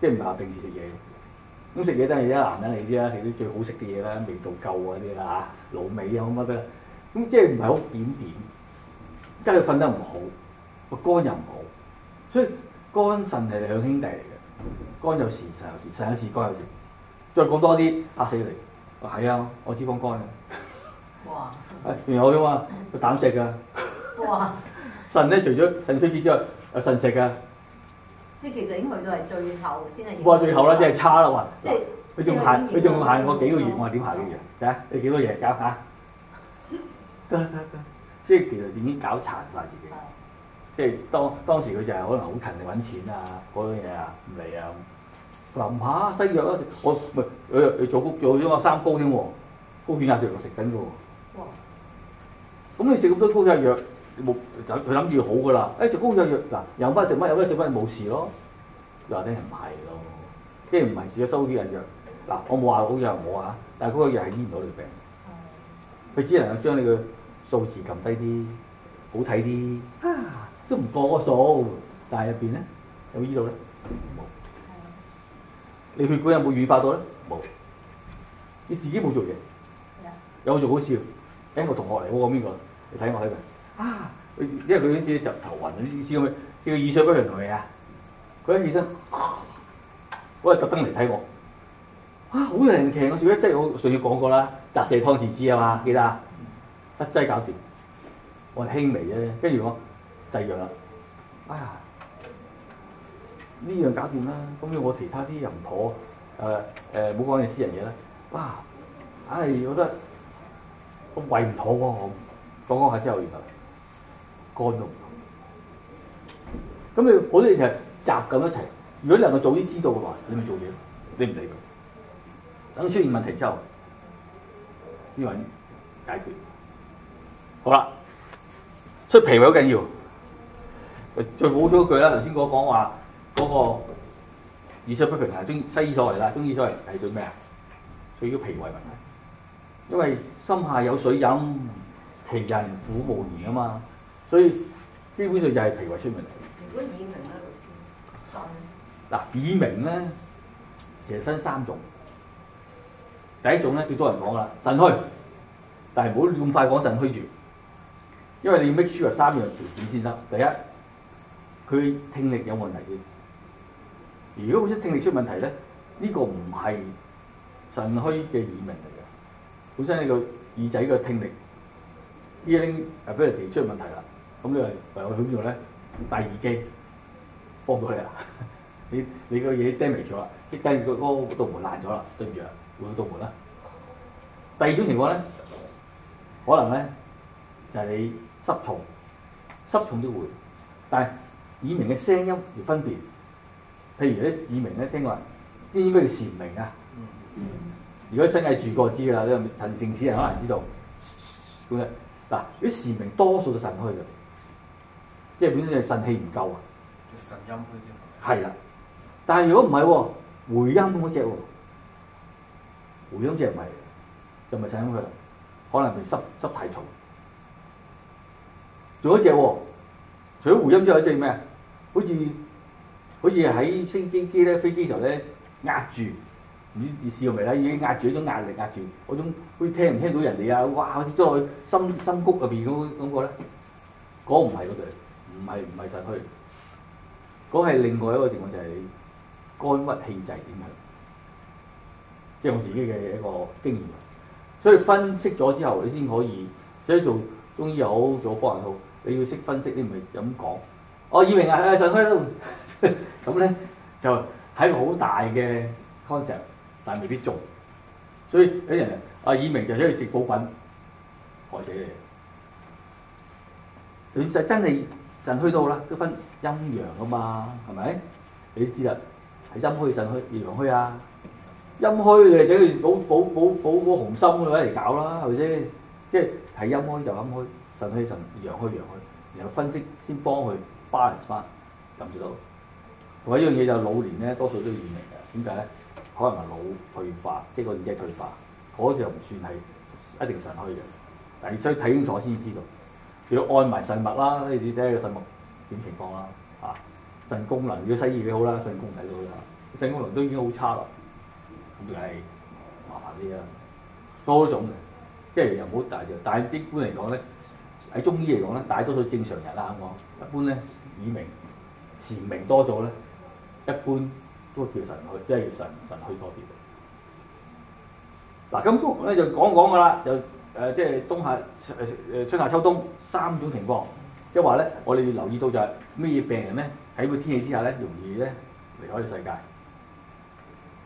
即係唔係話定時食嘢。咁食嘢都係而家男你知啦，食啲最好食嘅嘢啦，味道夠嗰啲啦嚇，滷味啊乜都，咁即係唔係好檢點。加上瞓得唔好，個肝又唔好，所以。肝腎係兩兄弟嚟嘅，肝有事腎有事，腎有事肝有事。再講多啲嚇死你！啊，係啊，我脂肪肝啊！呵呵哇！啊，仲有啊嘛，個膽石㗎！呵呵哇！腎咧除咗腎衰竭之外，有腎石㗎。即係其實已經去到係最後先係。哇！最後啦，真即係差啦喎！即係你仲限，你仲限我幾個月？了我話點行幾個月？睇下你幾多嘢搞嚇？得得得！即、啊、係、啊、其實已經搞殘晒自己。 即係當當時佢就係可能好勤力揾錢啊，嗰樣嘢，啊唔嚟啊臨下、啊、西藥咯、啊，我唔咪佢做谷做啫嘛三高添喎，高血壓藥食緊嘅喎。咁、喔哇 嗯、你食咁多高血壓藥，你冇佢諗住好噶啦？誒、欸、食高血壓藥嗱飲翻食乜飲翻食乜冇事咯？又話啲人唔係咯，即係唔係試咗收啲藥？嗱，我冇話嗰個藥冇啊，但係嗰個藥係醫唔到你病，佢只能夠將你嘅數字撳低啲，好睇啲嚇。唉都唔過嗰數，但係入邊咧有呢度咧冇，你血管有冇軟化到咧冇，你自己冇做嘢，有，有做好笑，誒、欸，我同學嚟喎，邊個？你睇我睇佢！啊，因為佢好似就頭暈啲意思咁樣，叫耳水不平嚟啊。佢一起身、呃，我係特登嚟睇我。啊，好神奇！我笑，即係我上次講過啦，澤瀉湯治之啊嘛，記得啊，一劑搞掂。我輕微嘅，跟住我。第二樣啦，哎呀，呢樣搞掂啦，咁樣我其他啲又唔妥，誒、呃、誒，冇講啲私人嘢啦，哇，唉、哎，覺得個胃唔妥喎，講講下之後原來肝都唔妥，咁你好多嘢集咁一齊，如果你能夠早啲知道嘅話，你咪做嘢，你唔理佢，等出現問題之後要揾解決，好啦，所以脾胃好緊要。再補咗句啦，頭先嗰講話嗰個耳水不平係中西醫所謂啦，中醫所謂係做咩啊？屬於脾胃問題，因為心下有水飲，其人苦無言啊嘛，所以基本上就係脾胃出問題。如果耳鳴咧，老師腎嗱耳鳴咧，其實分三種，第一種咧，最多人講啦，腎虛，但係唔好咁快講腎虛住，因為你要 make sure 三樣條件先得，第一。佢聽力有問題嘅。如果佢一聽力出問題咧，呢、這個唔係腎虛嘅耳鳴嚟嘅。本身你個耳仔嘅聽力呢一拎，啊，俾人出嚟問題啦。咁你話，我去邊度咧？戴耳機幫到佢啊？你你個嘢 dead 埋咗啦，即係個嗰個度門爛咗啦，對唔住啊，換個度門啦。第二種情況咧，可能咧就係、是、你濕重濕重都會，但係。耳鳴嘅聲音而分別，譬如啲耳鳴咧聽話，即唔知咩叫蟬鳴啊？嗯、如果真係住過知㗎啦，啲陳城市人可能知道。嗱，身身啊、如果蟬鳴多數都腎虛嘅，即係本身就腎氣唔夠啊。腎陰嗰隻。係啦，但係如果唔係喎，回音嗰隻喎，回音隻唔係，就咪腎陰㗎，可能係濕濕太重。仲有一隻喎，除咗回音之外，有一隻咩啊？好似好似喺升機機咧，飛機時候咧壓住，唔知試過未啦？已經壓住一種壓力，壓住嗰種，好似聽唔聽到人哋啊！哇，好似跌落去深深谷入邊嗰個感覺咧，嗰唔係嗰對，唔係唔係腎虛，嗰係另外一個情況就係你肝鬱氣滯點樣？即係我自己嘅一個經驗。所以分析咗之後，你先可以。所以做中醫又好，做幫人好，你要識分析，你唔係咁講。我耳、哦、明啊，腎虛都咁咧，就喺個好大嘅 concept，但係未必中，所以啲人啊耳鳴就走去食補品，害死你！其實真係腎虛到啦，都分陰陽啊嘛，係咪？你知啦，係陰虛腎虛，陽虛啊？陰虛你就要補補補補補，補紅心嗰啲嚟搞啦，係咪先？即係係陰虛就陰虛，腎虛腎陽虛陽虛，然後分析先幫佢。巴壓翻，撳住到。同埋一樣嘢就老年咧，多數都係遠嚟嘅。點解咧？可能係腦退化，即係個耳仔退化。嗰就唔算係一定腎虛嘅。但係，需要睇清楚先知道。要按埋腎脈啦，呢啲睇個腎脈點情況啦。嚇、啊，腎功能如果西醫幾好啦，腎功能幾好啦，腎功能都已經好差啦，咁就係麻煩啲啊。多種嘅，即係又唔好大料。但係一般嚟講咧，喺中醫嚟講咧，大，大多數正常人啦，咁講一般咧。耳鳴蟬鳴多咗咧，一般都叫神虛，即係叫神神虛多啲。嗱，今朝咧就講講㗎啦，就誒即係冬夏誒誒春夏秋冬三種情況，即係話咧，我哋要留意到就係咩嘢病人咧喺個天氣之下咧容易咧離開個世界。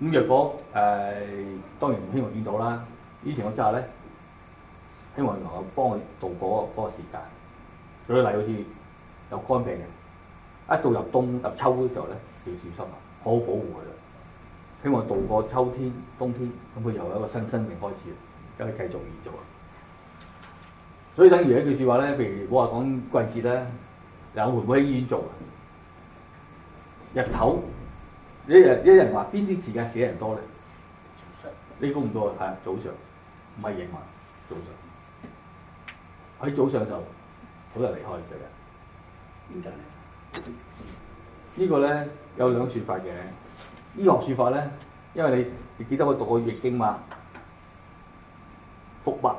咁若果誒、呃、當然唔希望見到啦，呢啲情況之下咧，希望能夠幫佢渡過嗰個時間。舉個例如，好似有肝病人。一到入冬入秋嘅時候咧，要小心啊！好好保護佢啦。希望度過秋天、冬天，咁佢又有一個新生命開始，咁佢繼續延續啊。所以等如一句説話咧，譬如我話講季節咧，有冇喺醫院做啊？日頭，一日一人話邊啲時間死人多咧？你估唔到啊！係早上，唔係夜晚，早上喺早上就好多人離開嘅。點解？個呢個咧，有兩說法嘅，醫學說法咧，因為你，你記得我讀過易經嘛？伏物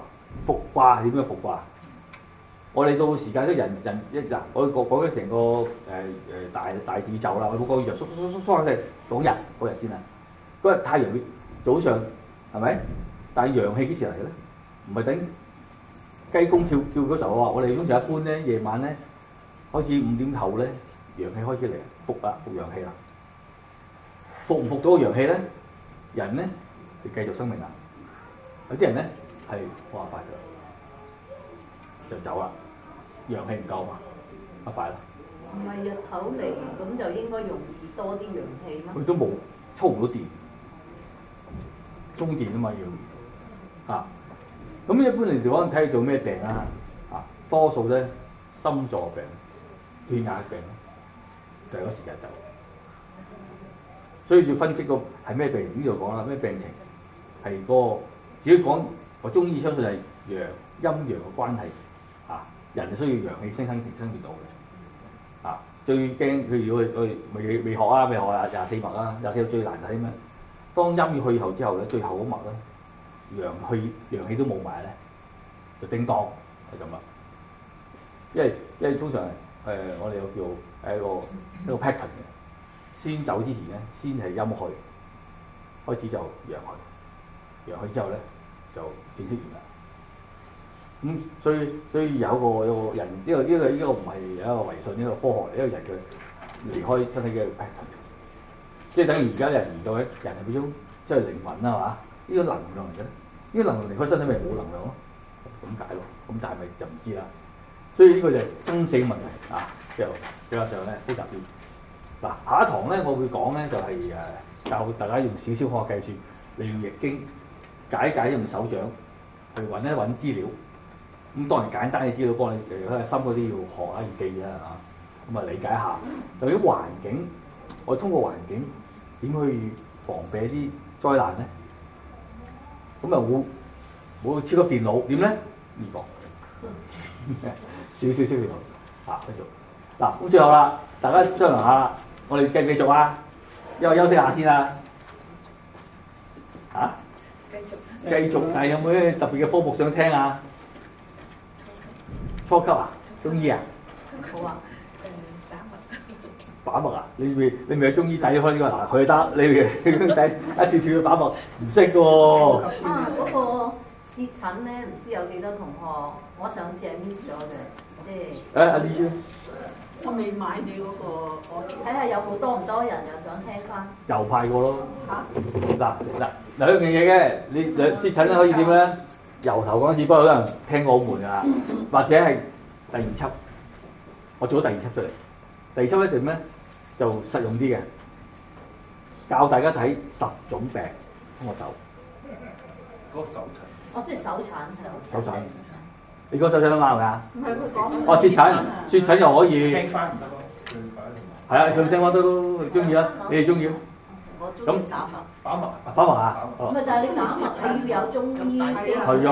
伏卦，係點樣伏卦？我哋到時間都人人一呀，我講講咗成個誒誒、呃、大大宇宙啦，我冇講宇宙縮縮縮縮下先，講人講人先啊。嗰日太陽熱，早上係咪？但係陽氣幾時嚟咧？唔係等雞公跳跳嗰時候啊！我哋通常一般咧，夜晚咧。開始五點後咧，陽氣開始嚟，復啊復陽氣啦。復唔復到個陽氣咧？人咧，就繼續生命啦。有啲人咧係話快咗，就走啦。陽氣唔夠嘛，不快啦。唔係日頭嚟，咁就應該容易多啲陽氣咩？佢都冇充唔到電，中電啊嘛要。啊，咁一般嚟講，睇到咩病啊？啊，多數咧心臟病。血壓病就係嗰時就，所以要分析個係咩病。呢度講啦，咩病情係個，只要講我中意相信係陽陰陽嘅關係啊，人需要陽氣生生生熱到嘅啊，最驚佢如果佢未未學啊，未學廿廿四脈啊，廿四最難睇咩？當陰氣去後之後咧，最後嗰脈咧，陽氣陽氣都冇埋咧，就叮噹係咁啦，因為因為通常。誒、呃，我哋有叫係、呃、一個一個 pattern 嘅，先走之前咧，先係陰去，開始就陽去，陽去之後咧就正式完啦。咁、嗯、所以所以有個有個人，因為因為依個唔係一個迷信，呢個，個，個，個科學嚟，呢個人佢離開身體嘅 pattern，即係等於而家啲人移到人係嗰種即係靈魂啦嘛，呢個能量嚟嘅，呢個能量離開身體咪冇能量咯，咁解咯，咁但係咪就唔知啦。所以呢個就係生死問題啊，就比較上咧複雜啲。嗱，下一堂咧，我會講咧就係、是、誒教大家用少少科學計算利用易經解解用手掌去揾一揾資料。咁當然簡單嘅資料幫你，誒深嗰啲要學下易記啊嚇。咁啊理解下。由於環境，我通過環境點去防備一啲災難咧？咁啊冇冇超級電腦點咧？呢、這個。 少少識啊繼續，嗱、啊、咁最後啦，大家商量下，我哋繼繼續啊，休休息下先啊，嚇，繼續，繼續啊，但係有冇咩特別嘅科目想聽啊？初級，初級啊，級中醫啊，好啊，誒、嗯、把脈，把脈啊，你未你未有中醫底開呢 個嗱，佢得你未底一跳跳到把脈唔識喎，啊嗰、啊那個舌診咧，唔知有幾多同學，我上次係 miss 咗嘅。 誒阿李村，我未買你嗰個，我睇下有好多唔多人又想聽翻，又派過咯。嚇？嗱嗱嗱兩樣嘢嘅，你兩節診可以點咧？由頭嗰陣時，只不過可能聽我悶啊，或者係第二輯，我做咗第二輯出嚟。第二輯一點咧？就實用啲嘅，教大家睇十種病，通個手。嗰手診。哦，即係手診手診。你嗰首《細粒貓》㗎？唔係嗰首哦，雪襯，雪襯又可以。係啊，唱聲歌都，我中意啦，你哋中意。我中意打脈。打脈啊！打脈啊！唔係，但係你打脈你要有中醫。係啊。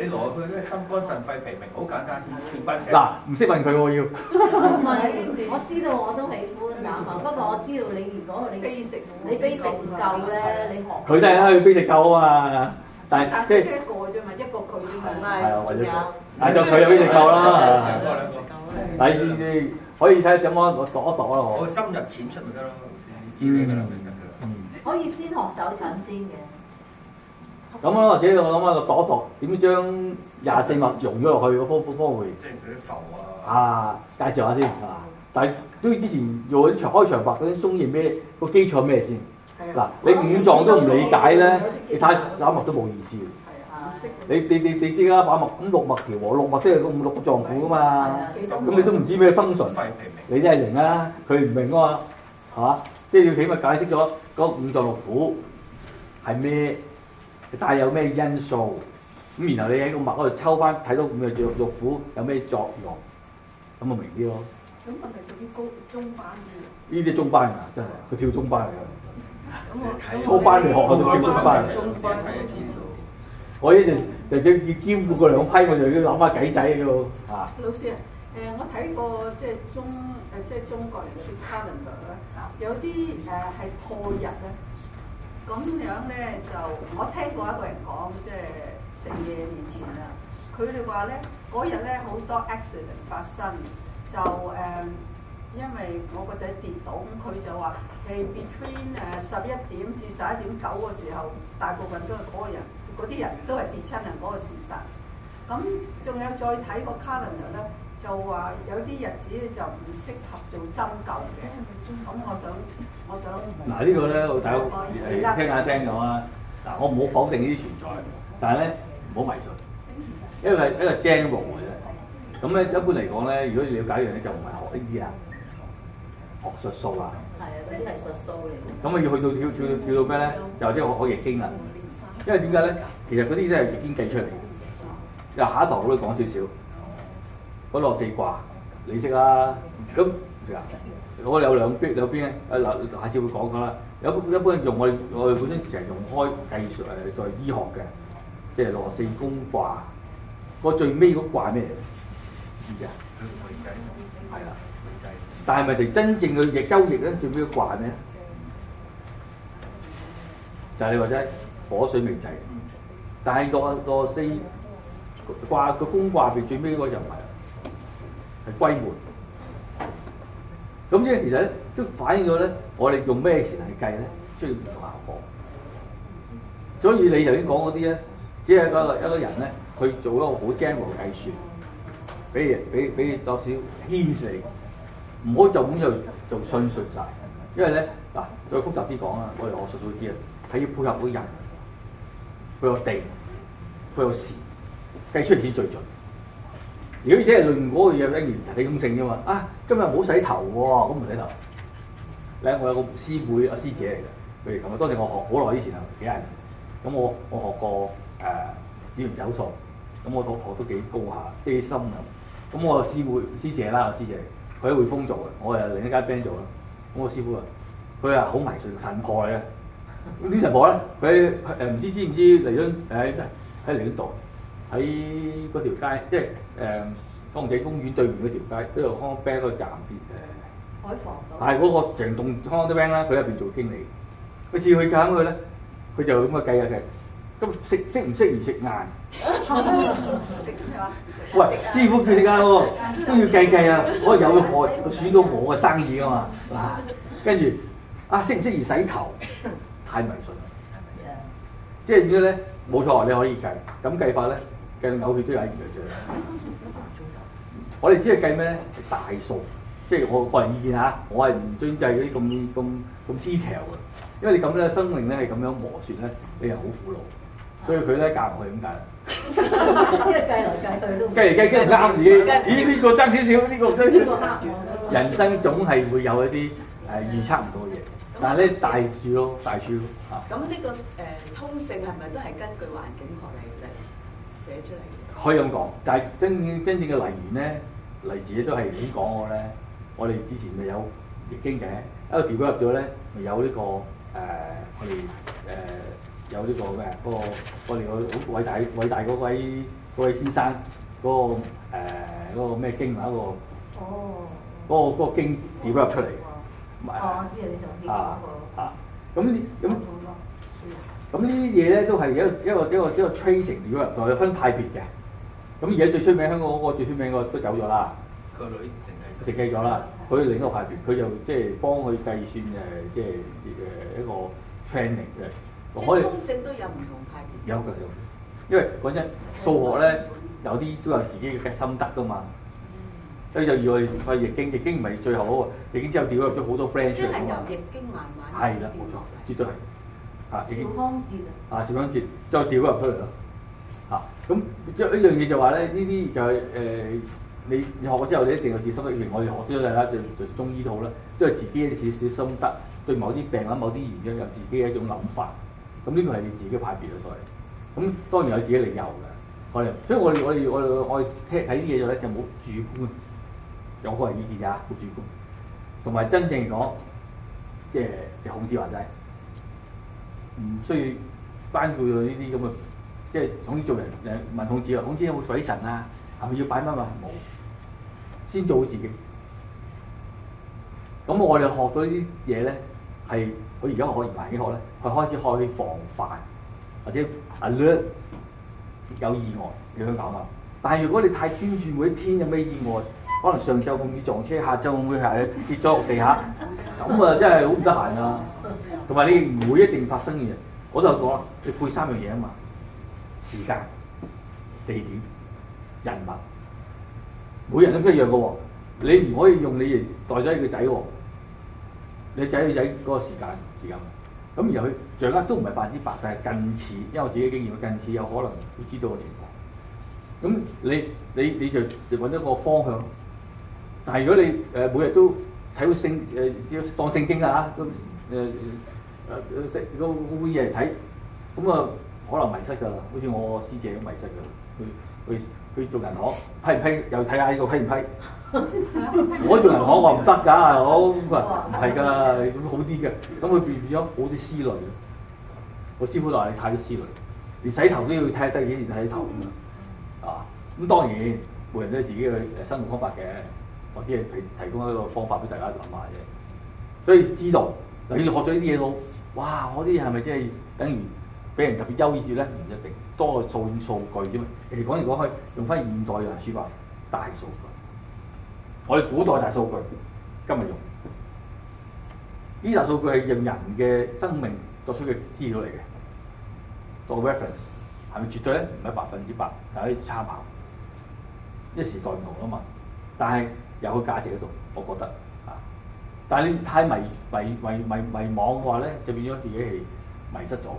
你攞去咩？心肝腎肺脾明，好簡單，全全班請。嗱，唔識問佢我要。唔係，我知道我都喜歡打脈，不過我知道你如果你飛食，你飛食唔夠咧，你學佢。佢真係啊，佢飛食夠啊嘛。但，但係即係一個啫嘛，一個佢啫嘛，係啊，或者，者係就佢有邊隻夠啦，睇先先，可以睇下點樣，我度一度咯，我深入淺出咪得咯，啦，嗯，可以先學手診先嘅，咁、嗯、Okay. 或者我諗下個度度點樣將廿四物融咗落去嗰方方方，方，方即係佢啲浮啊，啊介紹下先啊、嗯，但，但都之前做啲長開場白嗰啲中意咩個基礎咩先？嗱，你五臟都唔理解咧，你睇走脈都冇意思。你你你你知啦，把脈咁六脈調和，六脈即係個五六個臟腑噶嘛。咁你都唔知咩分純，你真係型,型啊。佢唔明啊嘛，嚇，即係要起碼解釋咗嗰五臟六腑係咩，帶有咩因素。咁然後你喺個脈嗰度抽翻睇到五嘅六腑有咩作用，咁咪明啲咯。咁係咪屬於高中班呢啲中班啊，真係佢跳中班嚟㗎。咁我睇，嗯、初班學，學，就接班。我一直、嗯、就要兼顧個兩批，我就要諗下計仔嘅喎嚇。老師啊，誒，我睇過即係中誒即係中國 aris，人嘅 calendar 咧，有啲誒係破日咧，咁樣咧就我聽過一個人講，即係成 year 面前啦，佢哋話咧嗰日咧好多 accident 發生，就誒因為我個仔跌倒，咁佢就話。係 between 誒十一點至十一點九嘅時候，大部分都係嗰個人，嗰啲人都係跌親人嗰個事實。咁仲有再睇個 calendar 咧，就話有啲日子咧就唔適合做針灸嘅。咁我想，我想嗱、啊這個、呢個咧，我睇係、嗯、聽下聽講啊。嗱，我唔好否定呢啲存在，但係咧唔好迷信，因為係一個 game 嘅啫。咁咧一般嚟講咧，如果你了解一樣嘢，就唔係學呢啲啊，學術數啊。啲係術數嚟，咁啊要去到跳跳跳到咩咧？就係即係可可易經啦，因為點解咧？其實嗰啲真係易經計出嚟，又下一堂我都講少少，嗰羅四卦你識啊？咁啊，我有兩邊兩邊啊，嗱下次會講講啦。一一般用我哋我哋本身成日用開計術誒，在醫學嘅，即係羅四宮卦，最個最尾嗰卦咩？係啦，但係咪哋真正嘅逆週易咧？最尾要掛咩？就係、是、你話齋火水未制，但係、那個、那個四、那個那個、掛個公卦，最尾嗰就唔、是、係，係歸門。咁即係其實咧，都反映咗咧，我哋用咩時間嚟計咧，需要唔同效果。所以你頭先講嗰啲咧，只係一個一個人咧，佢做一個好精嘅計算。俾嘢俾俾有少牽涉，唔好就咁就就信述晒，因為咧嗱再複雜啲講啦，我哋我學術數啲啊，係要配合到人，佢有地，佢有時，計出嚟最準。如果即係亂嗰樣嘢，你咁性啫嘛啊！今日冇洗頭喎、啊，咁唔洗頭。咧我有個師妹阿師姐嚟嘅，譬如咁日當時我學好耐以前啊幾年，咁我我學過誒指圓手數，咁、呃、我，我都學都幾高下，基心。啊！咁我師妹師姐啦，我師姐，佢喺匯豐做嘅，我係另一間 bank 做啦。咁我師傅啊，佢係好迷信神婆嚟嘅。啲神婆咧，佢誒唔知知唔知嚟咗喺喺嚟咗度，喺嗰條街，即係誒康仔公園對面嗰條街，呢度 hang bank 喺度賺錢。海防道，但係嗰、嗰個成棟 hang bank 啦，佢入邊做經理。每次去揀佢咧，佢就咁嘅計嘅。咁食適唔適宜食晏？ 喂，師傅叫你食晏喎，都要計計啊！我有個害，我損到我嘅生意噶嘛。跟住啊，適唔適宜洗頭？太迷信啦！係咪即係點咧？冇錯，你可以計，咁計法咧，計到嘔血都有啲嘢做。啊、我哋只係計咩咧？係大數，即係我個人意見吓，我係唔遵制嗰啲咁咁咁 detail 嘅，因為你咁咧，生命咧係咁樣磨蝕咧，你係好苦惱。所以佢咧教唔去，咁解，因為計嚟計去都計嚟 計去啱自己。咦？呢個爭少少，呢個爭少少，人生總係會有一啲誒、呃、預測唔到嘅嘢，但係咧大處咯，大處咯嚇。咁呢、這個誒、呃、通勝係咪都係根據環境學嚟就寫出嚟？嘅？可以咁講，但係真真正嘅嚟源咧，嚟自都係已經講過咧？我哋之前咪有易經嘅，一個調舉入咗咧，咪有呢、這個誒我哋誒。呃嗯嗯呃有呢個咩？嗰個我哋個好偉大偉大嗰位位先生嗰個誒、呃、嗰個咩經文？嗰個哦，嗰個嗰個經點入出嚟？哦，我知你。上次啊咁呢，咁咁呢啲嘢咧都係一個一個一個一個 training 點入，就係分派別嘅。咁而家最出名，香港嗰個最出名個都走咗啦。個女成計食計咗啦。佢另一個派別，佢就即係幫佢計算誒，即係誒一個 training 嘅。即係通性都有唔同派別，有嘅有，因為講真，數學咧有啲都有自己嘅心得噶嘛。嗯、所以就以我，我係易經，易經唔係最，最好，易經之後掉入咗好多 friend 出嚟。即係由易經慢慢變冇嚟，絕對係、啊啊。啊，邵康節啊，啊邵康節啊啊康節再掉入出嚟咯。嚇、就是，咁一一樣嘢就話咧，呢啲就係誒你你學咗之後，你一定有自己心得。我哋學咗就係啦，就就中醫好啦，都係自己一少少心得，對某啲病或者某啲現象有自己嘅一種諗法。咁呢個係你自己派別嘅事。咁當然有自己理由嘅，係咪？所以我哋我哋我哋我哋聽睇啲嘢咧，就冇主觀，有個人意見㗎，冇主觀。同埋真正嚟講，即係孔子話齋，唔需要關注呢啲咁嘅，即係總之做人誒問孔子啊，孔子有冇鬼神啊？係咪要擺乜嘛？冇。先做好自己。咁我哋學咗呢啲嘢咧，係。佢而家學唔係幾學咧？佢開始學防範，或者 alert 有意外你香港啊！但係如果你太專注，每一天有咩意外？可能上晝會唔會撞車，下晝會唔會係跌咗落地下，咁啊真係好唔得閒啊！同埋你唔會一定發生嘅嘢。我就講，你配三樣嘢啊嘛：時間、地點、人物。每人都一樣嘅喎，你唔可以用你代咗你個仔喎，你仔個仔嗰個時間。時間咁而佢掌握都唔係百分之百，但係近似，因為我自己經驗，近似有可能會知道個情況。咁你你你就揾一個方向，但係如果你誒每日都睇到聖只要當聖經㗎嚇，咁誒誒誒食個會嘢嚟睇，咁啊、呃、可能迷失㗎喇，好似我師姐咁迷失㗎喇，去去去做銀行批唔批，又睇下呢個批唔批？ 我仲唔講我唔得㗎，係好唔係？唔係㗎，好啲嘅。咁佢變咗好啲思慮。我師父就話你太多思慮，連洗頭都要睇得幾年洗頭咁啊。咁當然每人都有自己嘅生活方法嘅，我只係提提供一個方法俾大家諗下啫。所以知道，尤其是學咗呢啲嘢好哇！我啲係咪真係等於俾人特別優異住咧？唔一定，多數數據啫嘛。其實講嚟講去，如果用翻現代人説話，大數據。我哋古代大數據，今日用呢大數據係用人嘅生命 作出嘅資料嚟嘅，個 reference 係咪絕對咧？唔係百分之百，但係可以參考一，時代唔同啊嘛。但係有個價值喺度，我覺得嚇。但係你太迷迷迷迷迷惘嘅話咧，就變咗自己係迷失咗。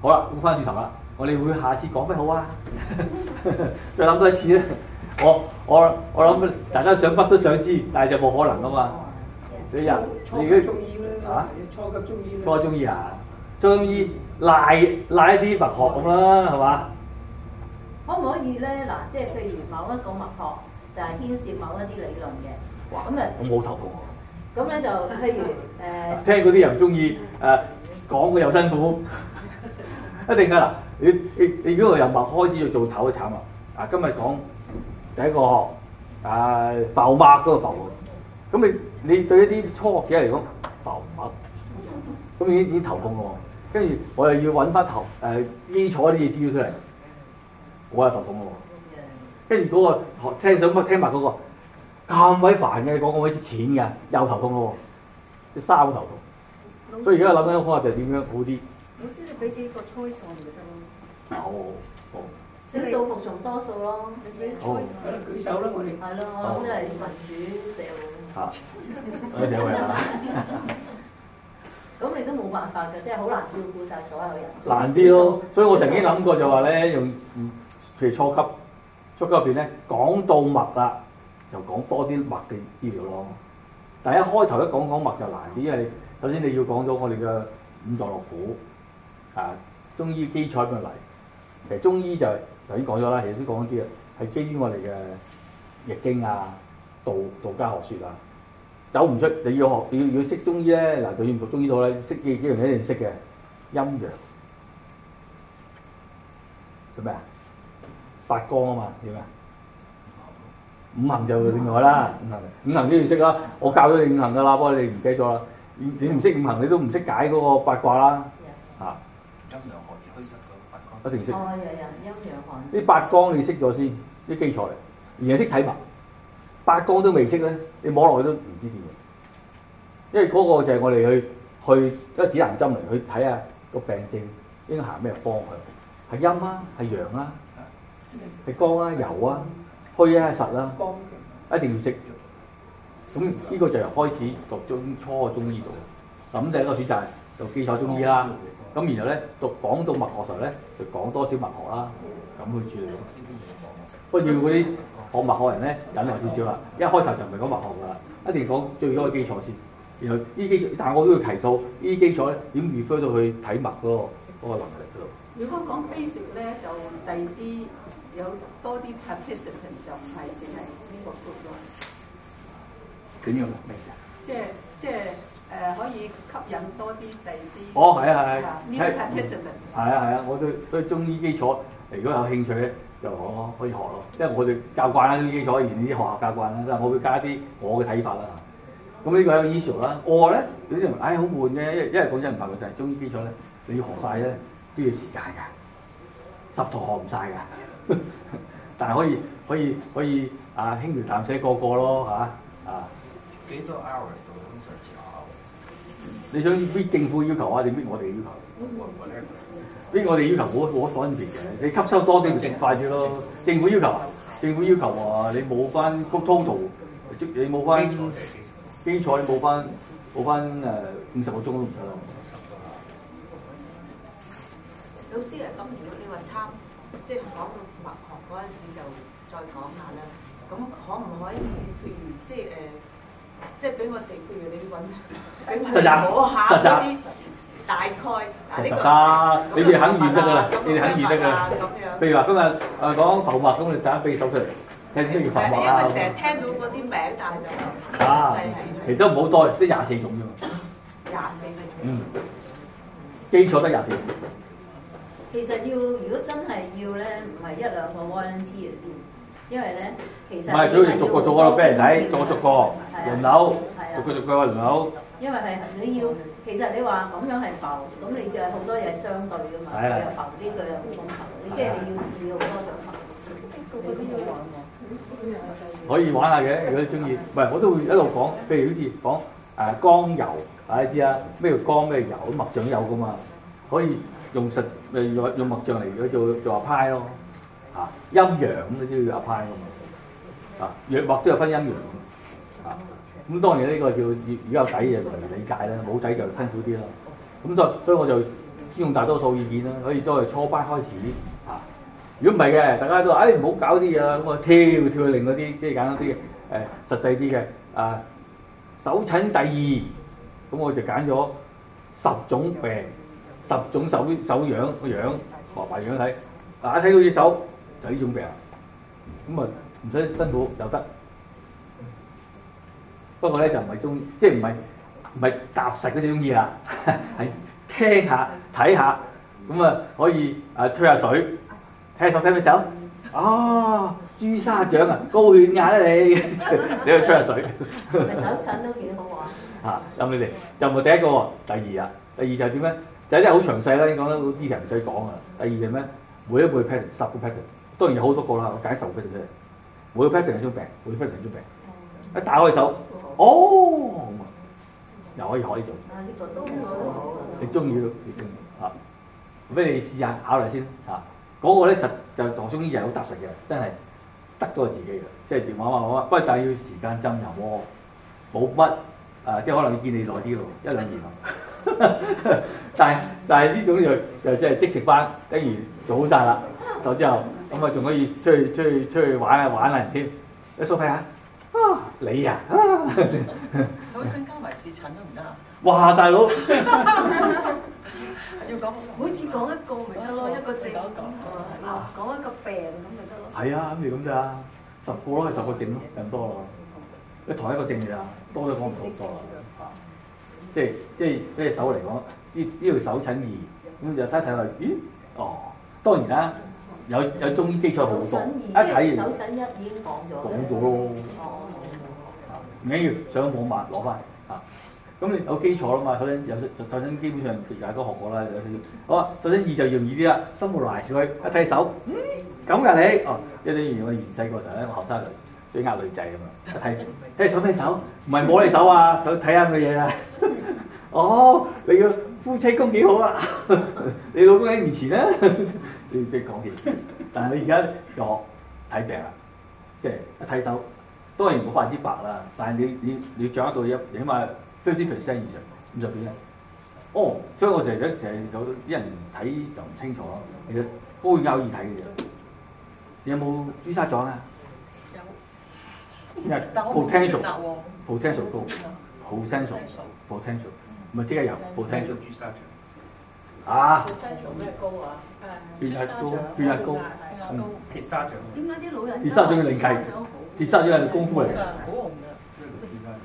好啦，咁返轉頭啦！我哋會下次講咩好啊？ 再諗多一次啦。我我我諗，大家想不都想知，但係就冇可能噶嘛。你又你而家嚇初級中醫，初級中醫啊？中醫拉拉一啲物學啦，係嘛的？可唔可以咧？嗱、啊，即係譬如某一個物學就係牽涉某一啲理論嘅。咁誒，我冇頭腦。咁咧就譬如誒，啊、聽嗰啲人鍾意誒講嘅又辛苦，啊、一定㗎啦。啊你你你嗰個人物開始要做頭嘅產物，嗱、啊、今日講第一個學誒、啊、浮脈嗰個浮，咁你你對一啲初學者嚟講浮脈，咁已經已經頭痛嘅喎，跟住我又要揾翻頭誒、啊、基礎嗰啲嘢資料出嚟，我，頭、那個那個、我又頭痛嘅喎，跟住嗰個學聽上乜聽埋嗰個咁鬼煩嘅，講講好啲錢嘅又頭痛嘅喎，即係三個頭痛，師所以而家諗緊方法就係點樣好啲。老師，你俾幾個初。想有哦，少數服從多數咯。好，舉手啦，我哋。係咯，咁即係民主社會。嚇，我哋咁你都冇辦法㗎，即係好難照顧晒所有人。難啲咯，所以我曾經諗過就話咧，用譬如初級，初級入邊咧講到脈啦，就講多啲脈嘅資料咯。但係一開頭一講講脈就難啲，因為首先你要講咗我哋嘅五臟六腑啊，中醫基礎嘅嚟。其實中醫就頭先講咗啦，頭先講咗啲嘅係基於我哋嘅易經啊、道道家學說啊，走唔出。你要學，要要、要識中醫咧，嗱、啊、就要讀中醫書啦。識嘅幾樣嘢一定識嘅，陰陽做咩啊？發光啊嘛，點咩？五行就另外啦，五行，五行都要識啦。嗯、我教咗你五行噶啦，不過你唔記咗啦。你你唔識五行，你都唔識解嗰個八卦啦。一定識哦！又有陰陽寒。啲八綱你識咗先，啲基礎。而係識睇埋八綱都未識咧，你摸落去都唔知點樣。因為嗰個就係我哋去去一個指南針嚟，去睇下個病症應該行咩方向？係陰啊，係陽啊，係光啊，油啊，虛啊，實啦、啊。一定要識。咁、這、呢個就由開始讀中初嘅中醫做。咁就係一個選擇，讀基礎中醫啦。咁然後咧，讀講到物學嘅時候咧，就講多少物學啦，咁去處理。 不過要嗰啲學物學人咧，引嚟少少啦。一開頭就唔係講物學噶啦，一定講最多嘅基礎先。然後呢啲基礎，但係我都要提到礎呢啲基礎咧，點 refer 到去睇物嗰個嗰、嗰個能力。如果講 basic 咧，就第二啲有多啲 participant 就唔係淨係呢個咁樣。點用嚟？即係即係。誒、呃、可以吸引多啲第二啲哦，係啊係啊，呢一 p a r 係啊係啊，我對對中醫基礎，如果有興趣咧，就可以可以學咯，因為我哋教慣啦中醫基礎，而啲學校教慣啦，但係我會加啲我嘅睇法啦。咁呢個係個 u s u a 啦。我咧有啲人唉好悶啫，因係講真唔怕佢。但、就、係、是、中醫基礎咧，你要學晒咧都要時間㗎，十堂學唔晒㗎， 但係可以可以可以，可以啊輕描淡寫過過咯嚇啊。幾、啊、多 hours 你想逼政府要求啊，定逼我哋要求？逼、嗯嗯嗯、我哋要求冇冇分別嘅，你吸收多啲咪食快啲咯。政府要求啊，政府要求話你冇翻 total，即你冇翻基礎冇翻冇翻誒五十個鐘都唔得咯。老師啊，咁、嗯、如果你話差？即係講到文學嗰陣時就再講下啦。咁可唔可以譬如即係誒？呃即係俾我四個月，你揾，俾我摸下嗰啲大概。得，你要肯驗得噶啦，你要肯驗得噶。譬如話今日誒講浮脈，咁我就揀幾手出嚟，睇點樣浮脈啊。因為成日聽到嗰啲名，但係就唔知實際係。其實唔好多，得廿四種啫嘛。廿四個種。嗯。基礎得廿四種。其實要如果真係要咧，唔係一兩個 volunteer。因為咧，其實唔係，主要係逐個做咯，俾人睇，做個逐個輪流，逐個逐個輪流。 啊啊啊、因為係你要，其實你話咁樣係浮，咁你就係好多嘢相對噶嘛。係啊。又浮，呢個又唔當浮，你即係你要試好多種浮先，可以玩下嘅，啊、如果你中意，唔係的我都會一路講，譬如好似講誒江油，大家知啊，咩叫江咩叫油，墨醬有噶嘛，可以用實誒用用墨醬嚟去做做下派咯。啊，陰陽咁都要阿派㗎嘛，啊，藥物都有分陰陽，啊，咁、嗯、當然呢個叫如果有底嘅容易理解啦，冇底就辛苦啲啦。咁所以所以我就尊重大多數意見啦，可以再初班開始。啊，如果唔係嘅，大家都話：哎、啊，唔好搞啲嘢啦，咁、啊、我跳跳去另嗰啲，即係揀啲誒實際啲嘅啊，手、啊、診第二，咁我就揀咗十種病，十種手手樣個樣，白白樣睇，嗱一睇到隻手。就呢種病，咁啊唔使辛苦又得。不過咧就唔係中意，即係唔係唔係踏實嗰種中意啦，係聽下睇下，咁啊可以吹、哦、啊吹下水，睇下手睇咩手。哦，朱砂掌啊，高血壓咧你，你去吹下水。手診都幾好玩。啊，飲你哋。就唔係第一個，第二啊，第二就點咧？就啲、係、好詳細啦，已經講得好，呢樣唔使講啊。第二係咩？每一部 pattern，十個 pattern。當然有好多個啦，我解受幾對出嚟，每對一定係種病，每對一定係種病。一打開手，哦，又可以可以做。啊，你中意咯，你中意嚇。咁你試下考慮先嚇。嗰個咧就就同中醫又係好搭實嘅，真係得咗係自己嘅，即係自我話好啊。不過但係要時間浸入喎，冇乜啊，即係可能要見你耐啲喎，一兩年喎。但係但係呢種又就即係即食返，等完做好晒啦，就之後，咁啊，仲可以出去出去出去玩，玩啊玩啊，添，阿叔睇下。啊，你啊？ 手診加埋視診都唔得啊？哇，大佬！要講，每次講一個咪得咯，一個症講一個，啊，講一個病咁就得咯。係啊，咁就咁咋，十個咯，係十個症咯，人多啦。你同一個症㗎啦，多咗講唔到咗啦。即係即係手嚟講，呢呢條手診儀，咁就睇睇佢，咦？哦，當然啦。有有中醫基礎好多，一睇完手診一已經講咗講咗咯，唔緊要，上網買攞返嚟啊！咁、嗯、你有基礎啦嘛？首先有首先基本上大家都學過啦，好啊！首先二就容易啲啦，生活來試佢一睇手，嗯咁㗎、啊、你哦，一啲原來我以前細個時候咧，我後生女追壓女仔咁啊，一睇睇手睇手，唔係摸你手啊，睇下乜嘢啊。哦，你嘅夫妻功幾好啊？ 你老公喺面前啊？你你講嘢但係你而家就睇病啊，即係一睇手，當然冇百分之百啦，但係你你你長到一，起碼百分之五十以上，咁就變咗哦，所以我成日成日有啲人睇就唔清楚，其實都會容易睇嘅。你有冇朱砂掌啊？有、哦。potential，potential 高，potential，potential，唔係即刻有 potential。啊？potential 咩高啊？鐵砂掌，鐵砂掌？鐵砂掌。點解啲老人鐵砂掌嘅靈契咁好？鐵砂掌係功夫嚟嘅。好紅㗎，朱砂掌。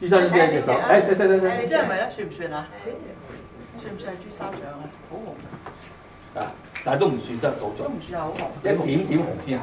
朱砂掌嘅隻手，誒，得得得得。即係咪咧？算唔算啊？算唔算朱砂掌啊？好紅㗎。啊！但係都唔算真係做咗，都唔算係好紅，一點點紅先係。